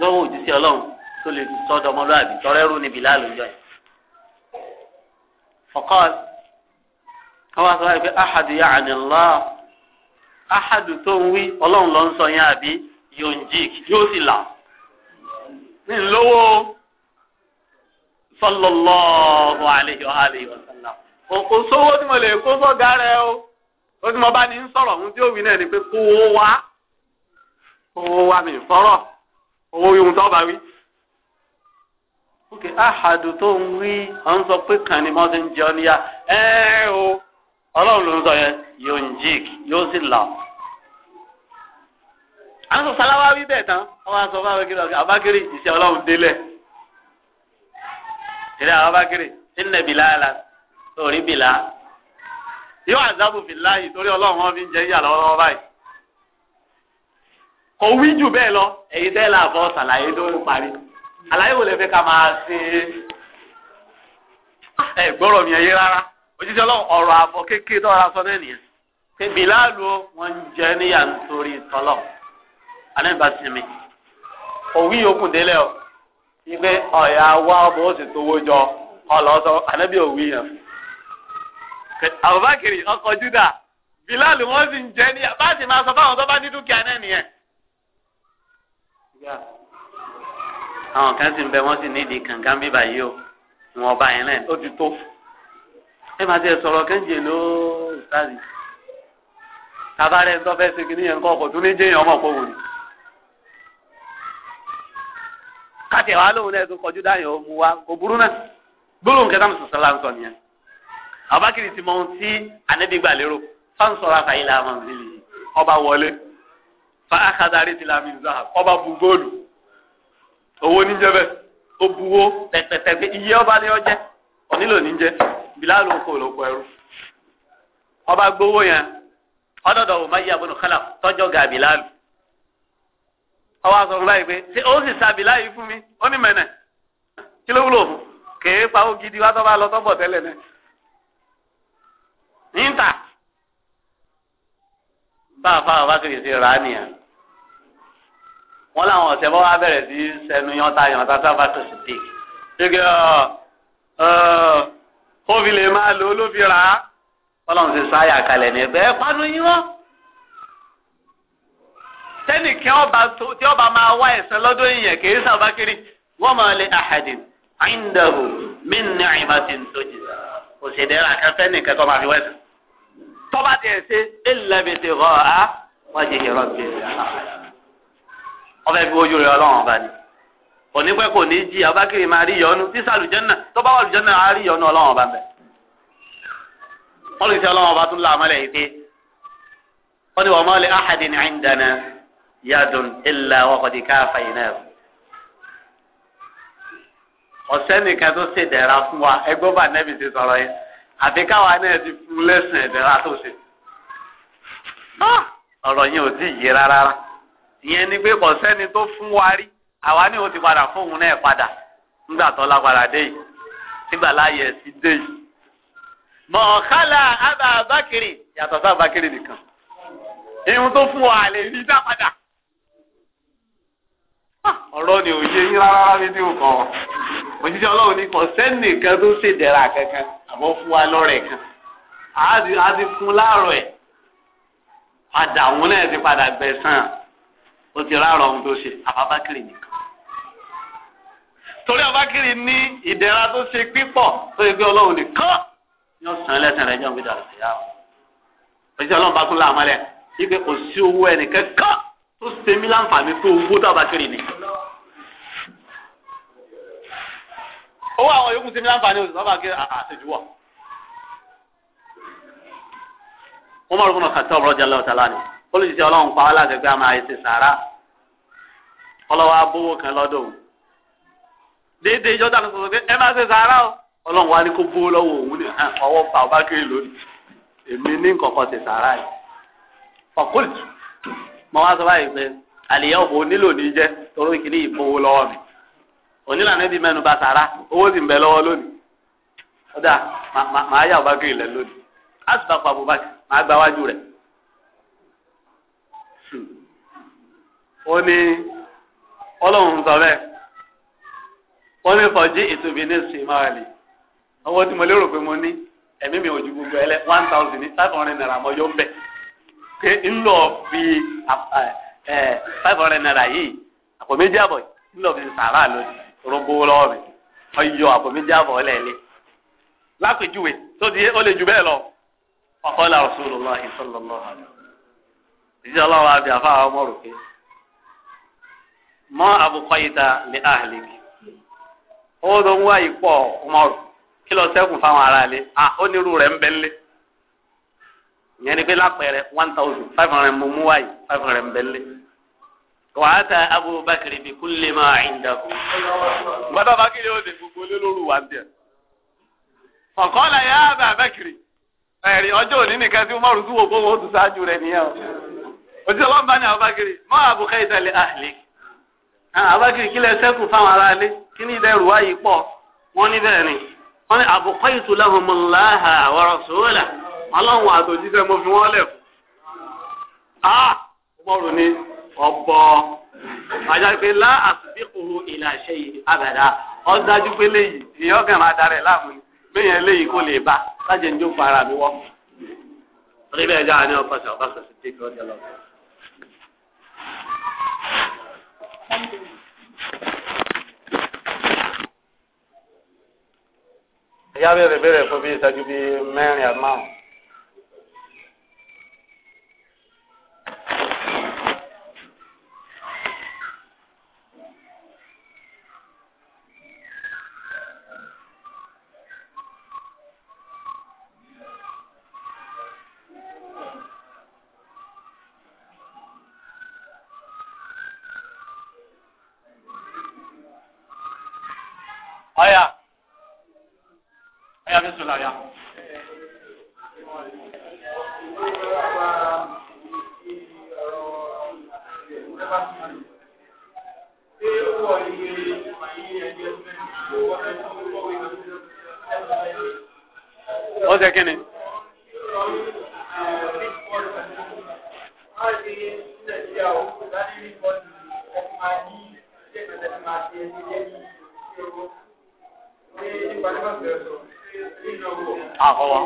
lọ́wọ́ òjíṣẹ́ ọlọ́run tó lè sọ́dọ̀ ọmọlúwàbí tọrẹ́rù níbi láàlójọ́ yìí. ọ̀kọ́ káwá sọ wáyé pé ahadu ya ahadu tó ń wí ọlọ́run ló sọ yẹn àbí yonjik yóò sì là ní o tí mo lè kó o ó tí mo bá ní sọ̀rọ̀ ohun tí ni pé kó wá kó wá mi fọ́rọ̀. owó ohun tó bá wí. ókè áhàdù tó ń wí ọ̀n sọ pé kàn ní mọ́tò ń jẹun níyà ẹ́ o ọlọ́run ló ń sọ yẹn yóò ń jíìkì yóò sì là à ń sọ sáláwá wí bẹ́ẹ̀ tán wọ́n sọ abákiri ọlọ́run délẹ̀ fi ń jẹ́ kò jù bẹ́ẹ̀ lọ eyi tẹ́ là bọ́ sàlàyé tó ń parí àlàyé wò lè fẹ́ ká máa ah, ẹ gbọ́rọ̀ mi ẹ̀yẹ rárá òjijì ọlọ́run ọ̀rọ̀ àbọ̀ kékeré tó rárá sọ náà nìyẹn pé bìláàlú wọn ń jẹ níyà nítorí tọ́lọ̀ alẹ́nba òwí délẹ̀ o ìgbé ọ̀yà wa ọmọ ó sì tówó jọ ọlọ́sọ ànábì òwí yẹn Abubakar ọkọ̀ Júdà bìláàlú wọn sì ń jẹ níyà bá sì máa sọ fáwọn tó bá àwọn kan sì ń bẹ wọ́n sì nídìí kànkan bíbà yìí o wọn ọba yẹn náà ó ti tó ẹ máa ti sọ̀rọ̀ kẹ́ńjẹ ló sáàrì tabarẹ́ tó fẹ́ segin níyẹn kọ́ ọkọ̀ tó ní jẹ́yìn ọmọ kò wòlíì káàtì wa lóhùn náà tó kọjú dáyọ̀ ó mu wa kò burú náà gbólóhùn kẹta mi sọ̀sọ̀ láǹsọ̀ nìyẹn àbákiri ti mọ ohun tí ànẹ́bí gbà lérò fáǹsọ̀rọ̀ àfàyè làwọn ọba wọlé fa akadari ti la mi zahab ọba bu góòlù owó níjẹbẹ ó buwó tẹtẹtẹgbẹ iye ọba ni ọjẹ onílò níjẹ bilalu kò ló kọ ẹrú ọba gbowó yẹn ọdọdọ wò má yí abọnù kálá tọjọ ga bilalu ọba sọ fún báyìí pé ṣé ó sì sa bilalu fún mi ó ní mẹnẹ kí ló wúlò fún kèé pa gidi wá tó lọ tó bọ̀ tẹ́lẹ̀ níta bá a fa àwọn bá kiri sí ra wọn làwọn ọ̀sẹ̀ bọ́ wá bẹ̀rẹ̀ sí sẹnu yọta yọta sábà tó sì dé ṣége ó fi lè máa lò ó ló fi rà á fọlọ́n ti sáyà kalẹ̀ ní ẹgbẹ́ pánú yín wọ́n sẹ́nìkẹ́ ọba tí ọba máa wá ẹ̀sán lọ́dún yìnyẹn kì í sábà kiri wọ́n máa lè àhàdìn àìndàbò mí ní àìmọ̀tì tó jì kò sì dẹ́ra nìkan kọ́ máa fi wẹ́sẹ̀ tọ́ba tẹ̀ ṣe é lẹ́bi ti rọ̀ á wọ́n ti yẹ̀rọ̀ bẹ̀rẹ̀ ọbẹ̀ fi ojú rẹ̀ ọlọ́run ọba ni onípẹ́ kò ní jí abákiri máa rí yọnu tí sàlùjẹ́nà tó bá wà lùjẹ́nà á rí yọnu ọlọ́run ọba bẹ̀. wọ́n lè ṣe ọlọ́run ọba tún láàmú lẹ́yìn pé wọ́n ní wọ́n mọ́ lé ahadi ní indana yadun illa wọ́kọ̀dí káfa yìí náà. ọ̀sẹ́ nìkan tó ṣe dẹ̀ra fún wa ẹgbọ́n bá nẹ́bi ti sọ̀rọ̀ yẹn àti káwa náà ti fún lẹ́sìn ẹ̀dẹ̀ra tó ṣe. Ah! ọ̀rọ̀ yẹn ò tí ì yé rárá rárá ìyẹn ni pé kọ̀sẹ́ni tó fún wa rí àwa ni ó ti padà fóun náà padà nígbà tó lágbára dé yìí nígbà láàyè sí dé yìí. mọ̀ọ́kálà àbá abákiri yàtọ̀ sí abákiri nìkan ihun tó fún wa lè rí dá padà. Ah, ọ̀rọ̀ ni òye yín rárá mi ní òkàn òjijì ọlọ́run ní kọ̀sẹ́ni kan tó ṣèdẹ̀ra kankan àmọ́ fún wa lọ́rẹ̀ kan a ti fún láàrọ̀ ẹ̀ padà òun náà ti padà gbẹ̀sán ó ti ráàrọ̀ ohun tó ṣe àbábákiri nìkan. torí àbákiri ní ìdẹ̀ra tó ṣe pípọ̀ tó ṣe pé ọlọ́run nìkan ni ó sàn lẹ́sìn rẹ̀ jọ̀ǹbí dàrú sí yàrá. òṣìṣẹ́ ọlọ́run bá tún láàmú ẹ̀ wípé kò sí owó ẹnìkan kan tó ṣe mí láǹfààní tó owó tó àbákiri ni. owó àwọn yòókù ṣe mí láǹfààní oṣù tó àbákiri àṣejù wọ̀. wọ́n mọ̀ ọ́ olùsí ọlọ́run pa wá láti pé a máa ṣe sàrà ọlọ́wọ́ abówó kan lọ́dọ̀ òun déédéé ìjọ tàbí sọ̀rọ̀ pé ẹ máa ṣe sàrà o ọlọ́run wa ní kó bó òun ah, pa ọba kiri lónìí èmi ní nkankan ṣe sàrà yìí ọkùnrin mo wá sọ báyìí pé àlìyá ní jẹ torí kìíní ìfowó mi onílànà sàrà owó sì ń bẹ lónìí màá ọba kiri lẹ lónìí gba ó ní ọlọ́run sọ bẹ́ẹ̀ ó ní fọjí ìtòbí ní sèmáàlì owó tí mo lérò pé one thousand five hundred naira mọ́jọ́ ń bẹ̀ pé ńlọ fi five hundred naira yìí àpò méjì àbọ̀ ńlọ fi sàrà lónìí rogbo ọyọ àpò méjì àbọ̀ ọlẹ́ẹ̀lẹ́ lápèjúwe tó di ó lè ju bẹ́ẹ̀ lọ mọ abukọ yìí ta lè ahàlìkì ó ló ń wá ìpọ ọmọrù kí lọ sẹ́kùn fáwọn aráalé à ó nírú one thousand five hundred mo mú wáyé five hundred ń bẹ́ńlé wàá ta abubakar ibi kú lè máa ẹ̀ǹda kú. gbọ́dọ̀ bá kiri ó lè gbogbo lé lóru wa ń bẹ̀. ọ̀kan là yá abakiri ẹ̀rí ọjọ́ òní nìkan tí umaru tún wò kó wọ́n tún ṣáájú rẹ̀ nìyẹn o. òtí ọlọ́mọba ni abakiri mọ abukọ yìí ta lè ahàlìkì. Ah, abákiri kílẹ̀ sẹ́kù fáwọn aráalé kí ni ìdẹ́rù wáyé pọ̀ wọ́n ní bẹ́ẹ̀ ni wọ́n ní àbùkọ́ ọlọ́run àtòjíṣẹ́ mo fi wọ́n lẹ̀ fún. a ah, ni ọ̀bọ àjàgbé pé lá ìlàṣẹ àbẹ̀dá ọ̀dájú pé léyìí máa darẹ̀ láàmú bẹ́yẹn léyìí kò lè bá ìyá bẹ̀rẹ̀ bẹ̀rẹ̀ fún bíi ìṣẹ́jú bíi mẹ́rin àti márùn-ún. máa fi ẹni jẹ́ kí owó ní nípa nípa ìrẹsọ̀ nínú owó. àkọwọ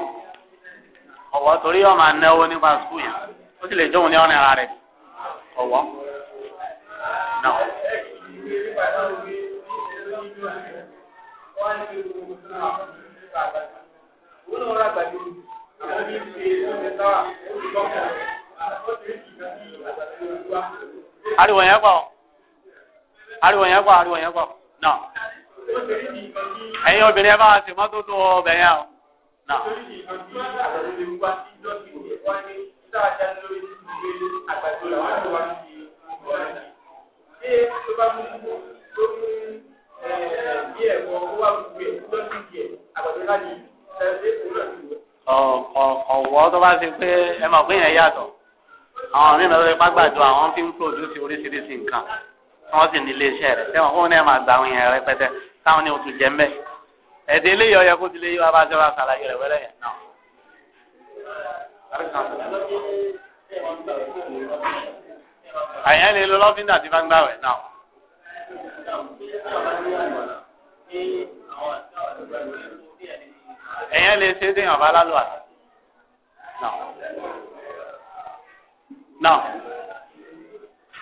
ọwọ torí ọmọ anáwó nípa sukùl yẹn ó sì lè jóun ní ọ̀nà ara rẹ ọwọ náà. Ariwo yẹn ariwo yẹn kọ ariwo yẹn kọ náà ẹ̀yin obìnrin ẹ bá wa sì mọ́tò tó ọbẹ̀ yẹn o náà. ọ̀wọ́ tó bá ti pé ẹ mọ̀ pé yẹn yàtọ̀ àwọn mìíràn lórí pàgbàdo àwọn fi ń pòdúsì oríṣiríṣi nǹkan wọ́n sì ní iléeṣẹ́ rẹ̀ sẹ́wọ̀n fún ẹ̀ máa gba àwọn èèyàn rẹpẹtẹ táwọn ní oṣù jẹ́ mbẹ́ ẹ̀dẹ̀ ilé yọ̀ yẹ kó ti lé yọ abájọ́ wa ṣàlàyé rẹ̀ wẹ́rẹ́ yẹn náà. àyàn lè lo lọ́fíńdà tí bá ń gbà wẹ̀ náà. ẹ̀yàn lè ṣe é déyàn bá lálọ́ náà. náà.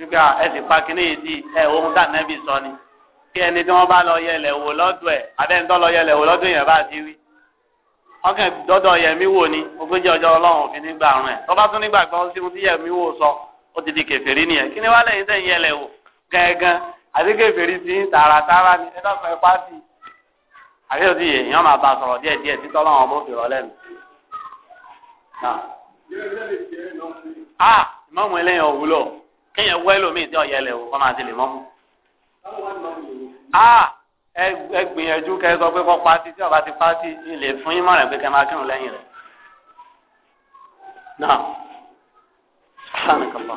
nígbà ẹsìn pakiní yìí di ẹ ohun tá nẹ́bí sọ ni kí ẹni tí wọ́n bá lọ yẹlẹ̀ wò lọ́dọ̀ ẹ̀ abẹ́ńtọ́ lọ yẹlẹ̀ wò lọ́dọ̀ yẹn bá ti wí ọkàn dọ́dọ̀ yẹmí wò ni ogójì ọjọ́ ọlọ́run òfin nígbà àrùn ẹ̀ tọ́ba tún nígbà gbọ́ sí ohun tí yẹmí wò sọ ó ti di kèfèrí nìyẹn kí ni wàá lẹ́yìn tẹ̀yìn yẹlẹ̀ wò gángan àti kèfèrí ti ń tààràtààrà ni ẹ dọ́kọ̀ ẹ kéèyàn wẹ́ lómìn tí ọ̀yẹ́ lẹ̀ o kọ́ máa ti lè mọ́ mu. Ah! Ah! ẹ gbìyànjú kẹ́ ẹ sọ pé kọ́ pati tí ọba ti pati ilé fún yín mọ̀ràn pé kẹ́ máa kírun lẹ́yìn rẹ̀. náà sànù kàlọ́.